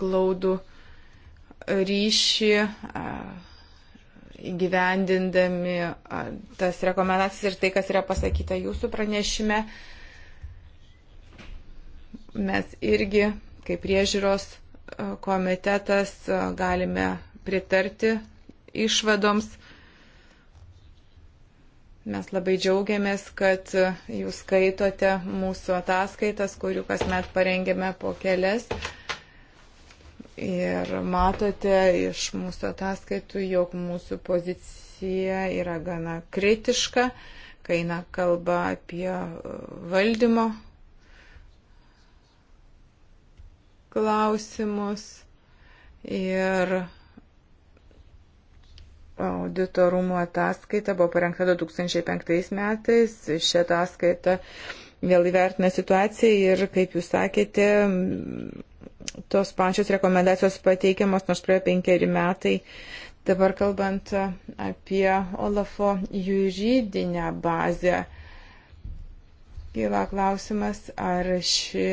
glaudų ryšį įgyvendindami tas rekomendacijas ir tai, kas yra pasakyta jūsų pranešime. Mes irgi, kaip priežiūros komitetas, galime pritarti išvadoms. Mes labai džiaugiamės, kad jūs skaitote mūsų ataskaitas, kurių kasmet parengėme po kelias. Ir matote iš mūsų ataskaitų, jog mūsų pozicija yra gana kritiška, kai eina kalba apie e, valdymo klausimus ir auditorumo ataskaita buvo parengta 2005 metais. Šią ataskaitą vėl įvertina situaciją ir, kaip jūs sakėte, tos pačios rekomendacijos pateikiamos, nors praėjo penkeri metai. Dabar kalbant apie Olafo juridinę bazę, kyla klausimas, ar ši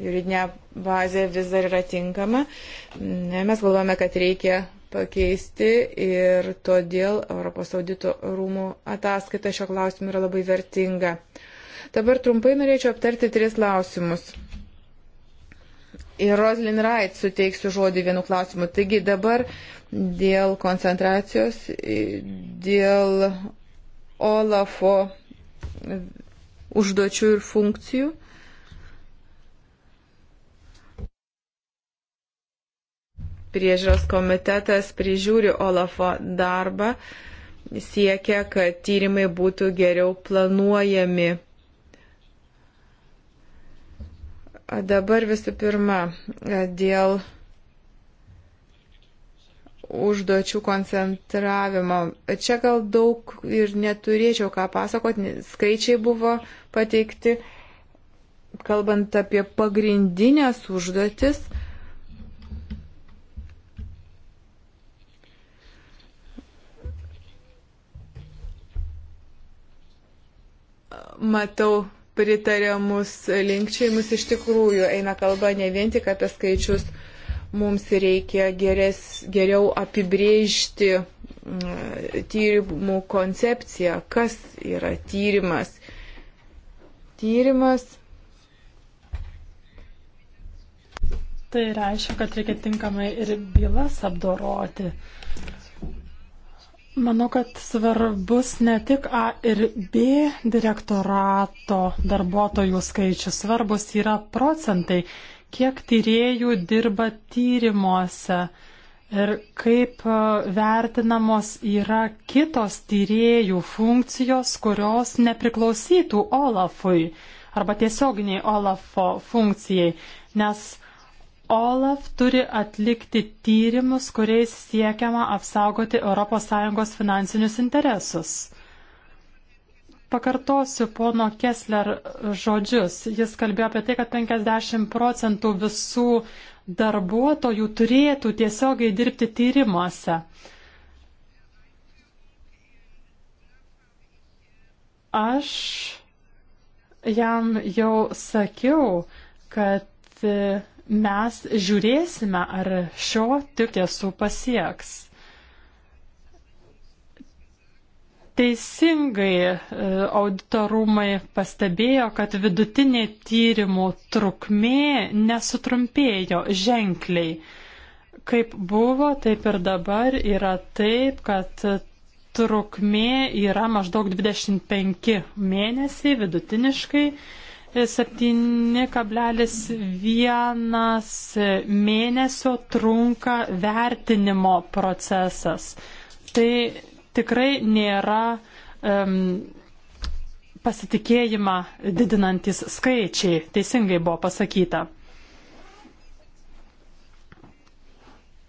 juridinė bazė vis dar yra tinkama. Ne, mes galvojame, kad reikia pakeisti ir todėl Europos audito rūmų ataskaita šio klausimu yra labai vertinga. Dabar trumpai norėčiau aptarti tris klausimus. Ir Roslin Wright suteiksiu žodį vienu klausimu. Taigi dabar dėl koncentracijos, dėl Olafo užduočių ir funkcijų. Priežiūros komitetas prižiūri Olafo darbą, siekia, kad tyrimai būtų geriau planuojami Dabar visų pirma, e, dėl užduočių koncentravimo. Čia gal daug ir neturėčiau ką pasakoti, skaičiai buvo pateikti, kalbant apie pagrindinės užduotis. Matau pritariamus linkčiajimus iš tikrųjų eina kalba ne vien tik apie skaičius, mums reikia geres, geriau apibrėžti mm, tyrimų koncepciją, kas yra tyrimas. Tyrimas Tai reiškia, kad reikia tinkamai ir bylas apdoroti. Manau, kad svarbus ne tik A ir B direktorato darbuotojų skaičius, svarbus yra procentai, kiek tyriejų dirba tyrimuose ir kaip e, vertinamos yra kitos tyriejų funkcijos, kurios nepriklausytų Olafui arba tiesioginiai Olafo funkcijai, nes OLAF turi atlikti tyrimus, kuriais siekiama apsaugoti ES finansinius interesus. Pakartosiu pono Kessler žodžius. Jis kalbėjo apie tai, kad 50 procentų visų darbuotojų turėtų tiesiogiai dirbti tyrimuose. Aš jam jau sakiau, kad mes žiūrėsime, ar šio tik tiesų pasieks. Teisingai e, auditorumai pastebėjo, kad vidutinė tyrimų trukmė nesutrumpėjo ženkliai. Kaip buvo, taip ir dabar yra taip, kad trukmė yra maždaug 25 mėnesiai vidutiniškai 7,1 mėnesio trunka vertinimo procesas. Tai tikrai nėra um, pasitikėjimą didinantis skaičiai, teisingai buvo pasakyta.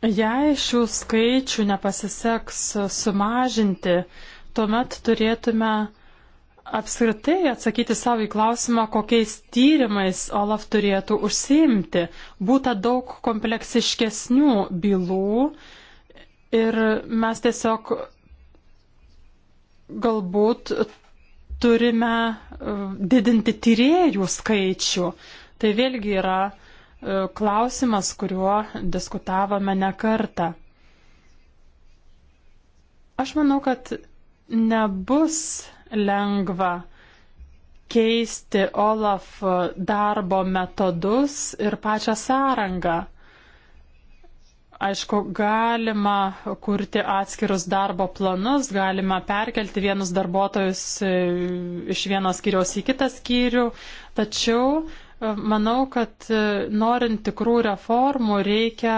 Jei šių skaičių nepasiseks sumažinti, tuomet turėtume uh, apskritai atsakyti savo į klausimą, kokiais tyrimais Olaf turėtų užsiimti. Būta daug kompleksiškesnių bylų ir mes tiesiog galbūt turime e, didinti tyriejų skaičių. Tai vėlgi yra e, klausimas, kuriuo diskutavome ne kartą. Aš manau, kad nebus lengva keisti Olaf darbo metodus ir pačią sąrangą. Aišku, galima kurti atskirus darbo planus, galima perkelti vienus darbuotojus e, iš vienos skyriaus į kitą skyrių, tačiau e, manau, kad e, norint tikrų reformų reikia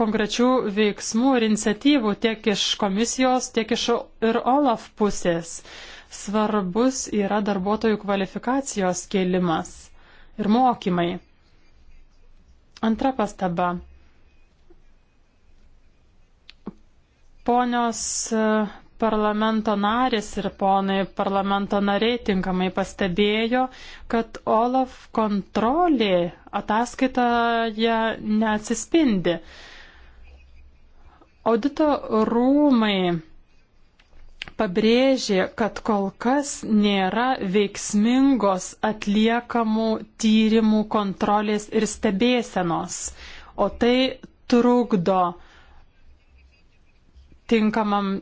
konkrečių veiksmų ir iniciatyvų tiek iš komisijos, tiek iš ir OLAF pusės. Svarbus yra darbuotojų kvalifikacijos kėlimas ir mokymai. Antra pastaba. Ponios e, parlamento narės ir ponai parlamento nariai tinkamai pastebėjo, kad Olaf kontrolė ataskaitoje neatsispindi. Audito rūmai pabrėžė, kad kol kas nėra veiksmingos atliekamų tyrimų kontrolės ir stebėsenos, o tai trukdo tinkamam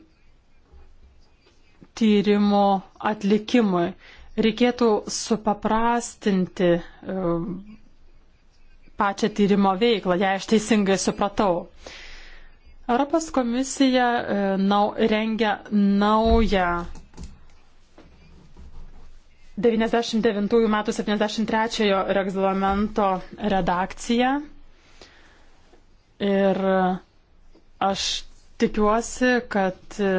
tyrimo atlikimui. Reikėtų supaprastinti e, pačią tyrimo veiklą, jei aš teisingai supratau. Europos komisija e, nau, rengia naują 99 metų 73 reglamento redakciją. Ir aš tikiuosi, kad e,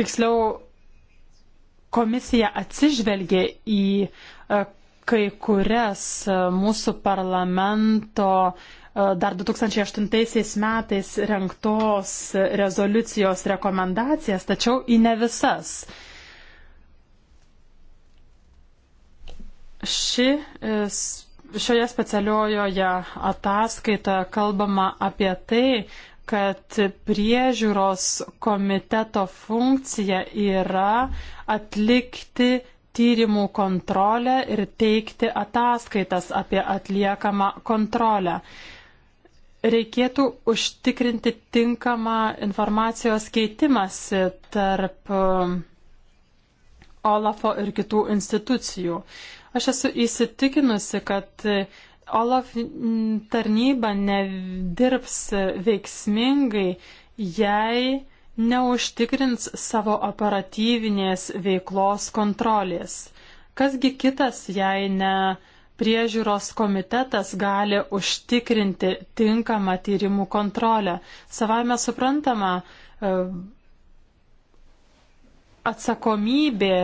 tiksliau komisija atsižvelgė į e, kai kurias mūsų parlamento uh, E, dar 2008 metais renktos rezoliucijos rekomendacijas, tačiau į ne visas. Ši, e, šioje specialiojoje ataskaitoje kalbama apie tai, kad priežiūros komiteto funkcija yra atlikti tyrimų kontrolę ir teikti ataskaitas apie atliekamą kontrolę reikėtų užtikrinti tinkamą informacijos keitimąsi tarp um, Olafo ir kitų institucijų. Aš esu įsitikinusi, kad uh, Olaf tarnyba nedirbs veiksmingai, jei neužtikrins savo operatyvinės veiklos kontrolės. Kasgi kitas, jei ne uh, priežiūros komitetas gali užtikrinti tinkamą tyrimų kontrolę. Savame suprantama, e, atsakomybė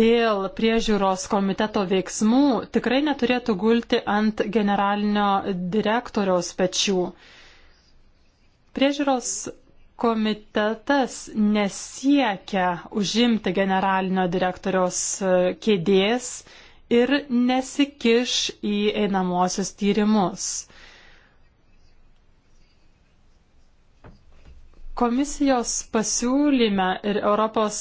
dėl priežiūros komiteto veiksmų tikrai neturėtų gulti ant generalinio direktoriaus pečių. Priežiūros komitetas nesiekia užimti generalinio direktoriaus e, kėdės, ir nesikiš į einamosius tyrimus. Komisijos pasiūlyme ir Europos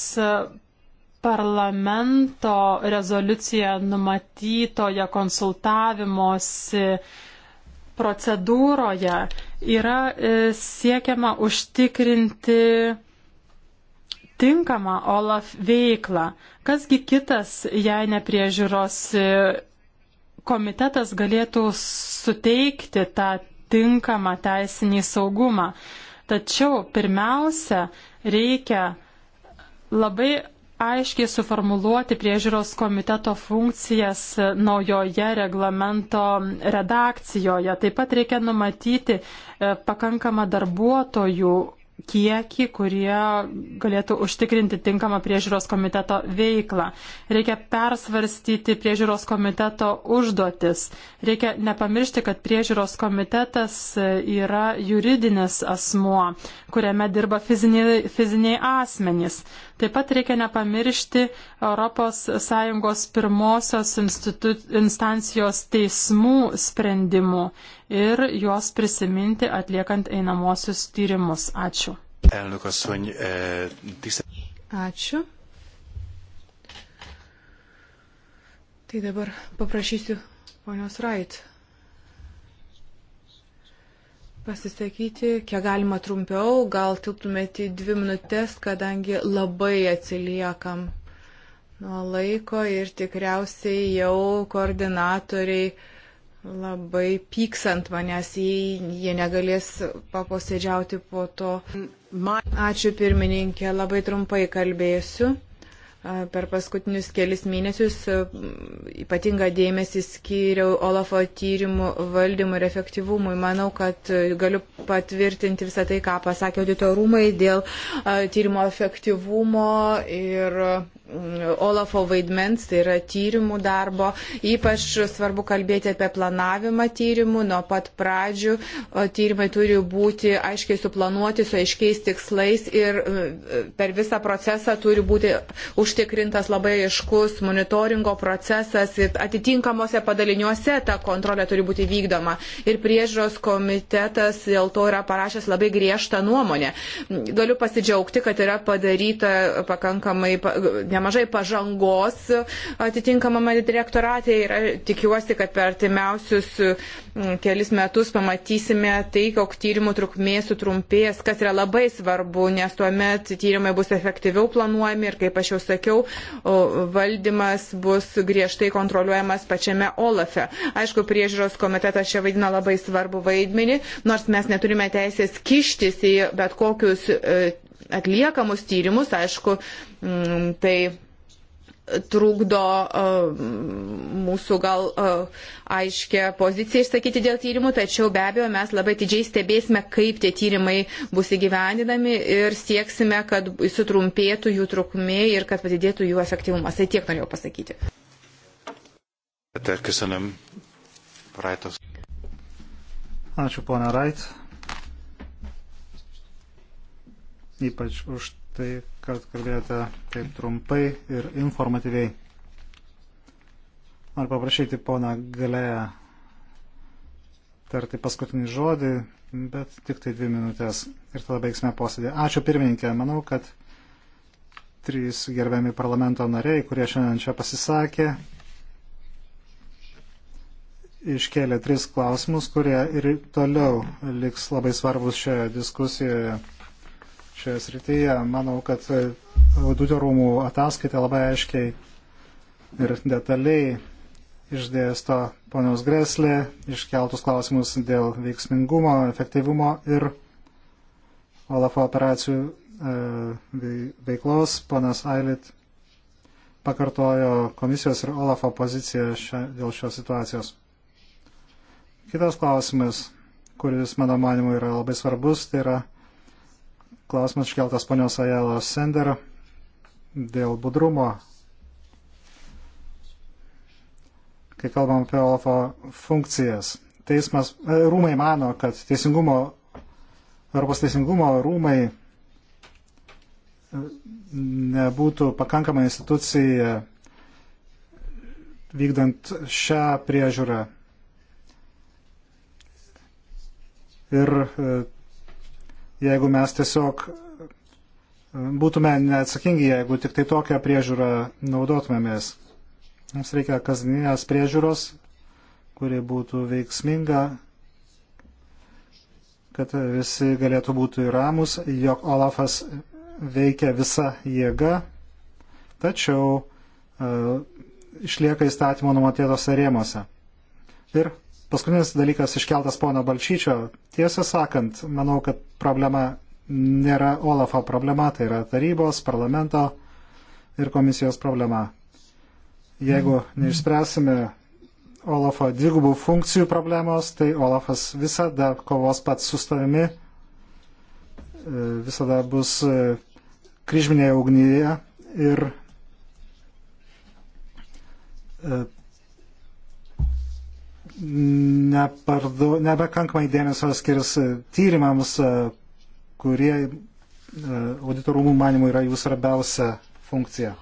parlamento rezoliucija numatytoje konsultavimosi procedūroje yra e, siekiama užtikrinti tinkamą OLAF veiklą. Kasgi kitas, jei nepriežiūros komitetas galėtų suteikti tą tinkamą teisinį saugumą. Tačiau pirmiausia, reikia labai aiškiai suformuluoti priežiūros komiteto funkcijas naujoje reglamento redakcijoje. Taip pat reikia numatyti e, pakankamą darbuotojų kiekį, kurie galėtų užtikrinti tinkamą priežiūros komiteto veiklą. Reikia persvarstyti priežiūros komiteto užduotis. Reikia nepamiršti, kad priežiūros komitetas yra juridinis asmuo, kuriame dirba fiziniai, fiziniai asmenys. Taip pat reikia nepamiršti ES pirmosios institu... instancijos teismų sprendimų ir juos prisiminti atliekant einamosius tyrimus. Ačiū. E, Ačiū. Tai dabar paprašysiu ponios Rait pasisakyti, kiek galima trumpiau, gal tilptumėte į dvi minutės, kadangi labai atsiliekam nuo laiko ir tikriausiai jau koordinatoriai labai pyks ant manęs, jei jie negalės paposėdžiauti po to. Ačiū pirmininkė, labai trumpai kalbėsiu. Per paskutinius kelis mėnesius ypatingą dėmesį skyriau Olafo tyrimų valdymui ir efektyvumui. Manau, kad galiu patvirtinti visą tai, ką pasakė auditorumai dėl tyrimo efektyvumo ir mm, Olafo vaidmens, tai yra tyrimų darbo. Ypač svarbu kalbėti apie planavimą tyrimų. Nuo pat pradžių tyrimai turi būti aiškiai suplanuoti, su aiškiais tikslais ir per visą procesą turi būti už užtikrintas labai aiškus monitoringo procesas ir atitinkamuose padaliniuose ta kontrolė turi būti vykdoma. Ir priežiūros komitetas dėl to yra parašęs labai griežtą nuomonę. Galiu pasidžiaugti, kad yra padaryta pakankamai nemažai pažangos atitinkamame direktorate ir tikiuosi, kad per artimiausius mm, kelis metus pamatysime tai, kokiu tyrimų trukmė sutrumpės, kas yra labai svarbu, nes tuomet tyrimai bus efektyviau planuojami ir, kaip aš jau sakiau, sakiau, valdymas bus griežtai kontroliuojamas pačiame Olafe. Aišku, priežiūros komitetas čia vaidina labai svarbu vaidmenį, nors mes neturime teisės kištis į bet kokius e, atliekamus tyrimus, aišku, mm, tai trukdo e, mūsų gal e, aiškę poziciją išsakyti dėl tyrimų, tačiau be abejo mes labai didžiai stebėsime, kaip tie tyrimai bus įgyvendinami ir sieksime, kad sutrumpėtų jų trukmė ir kad padidėtų jų efektyvumas. Tai tiek norėjau pasakyti. Ačiū, ponia Rait. Ypač už tai, kad kalbėjote taip trumpai ir informatyviai. Noriu paprašyti poną Galėją tarti paskutinį žodį, bet tik tai dvi minutės ir tada baigsime posėdį. Ačiū pirmininkė, manau, kad trys gerbiami parlamento nariai, kurie šiandien čia pasisakė, iškėlė tris klausimus, kurie ir toliau liks labai svarbus šioje diskusijoje šioje srityje. Manau, kad e, audito rūmų ataskaita labai aiškiai ir detaliai išdėsto ponios Greslė iškeltus klausimus dėl veiksmingumo, efektyvumo ir Olafo operacijų e, veiklos. Ponas Ailit pakartojo komisijos ir Olafo poziciją šia, dėl šios situacijos. Kitas klausimas, kuris mano manimu yra labai svarbus, tai yra Klausimas iškeltas ponios Ajelos Sender dėl budrumo. Kai kalbam apie Olafo funkcijas, teismas, e, rūmai mano, kad teisingumo, Europos teisingumo rūmai e, nebūtų pakankama institucija vykdant šią priežiūrą. Ir e, jeigu mes tiesiog e, būtume neatsakingi, jeigu tik tai tokią priežiūrą naudotumėmės. Mums reikia kasdieninės priežiūros, kuri būtų veiksminga, kad visi galėtų būti ramus, jog Olafas veikia visa jėga, tačiau e, išlieka įstatymo numatytose rėmose. Ir Paskutinis dalykas iškeltas pono Balčyčio. Tiesą sakant, manau, kad problema nėra Olafo problema, tai yra tarybos, parlamento ir komisijos problema. Jeigu neišspręsime Olafo dvigubų funkcijų problemos, tai Olafas visada kovos pats su savimi, visada bus e, kryžminėje ugnyje ir e, nepardu, nebekankamai dėmesio skirs e, tyrimams, e, kurie e, auditorumų manimų yra jų svarbiausia funkcija.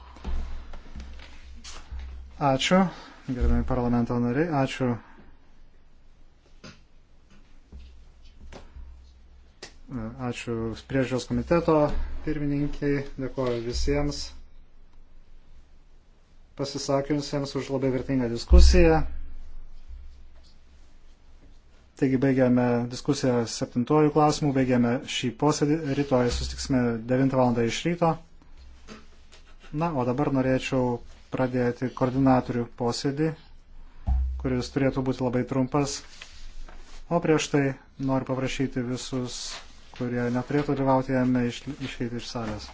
Ačiū, gerbiami parlamento nariai, ačiū. Ačiū priežiūros komiteto pirmininkiai, dėkuoju visiems pasisakiusiems už labai vertingą diskusiją. Taigi baigiame diskusiją septintojų klausimų, baigiame šį posėdį, rytoj susitiksime 9 val. iš ryto. Na, o dabar norėčiau pradėti koordinatorių posėdį, kuris turėtų būti labai trumpas. O prieš tai noriu paprašyti visus, kurie neturėtų dalyvauti jame, išeiti iš salės.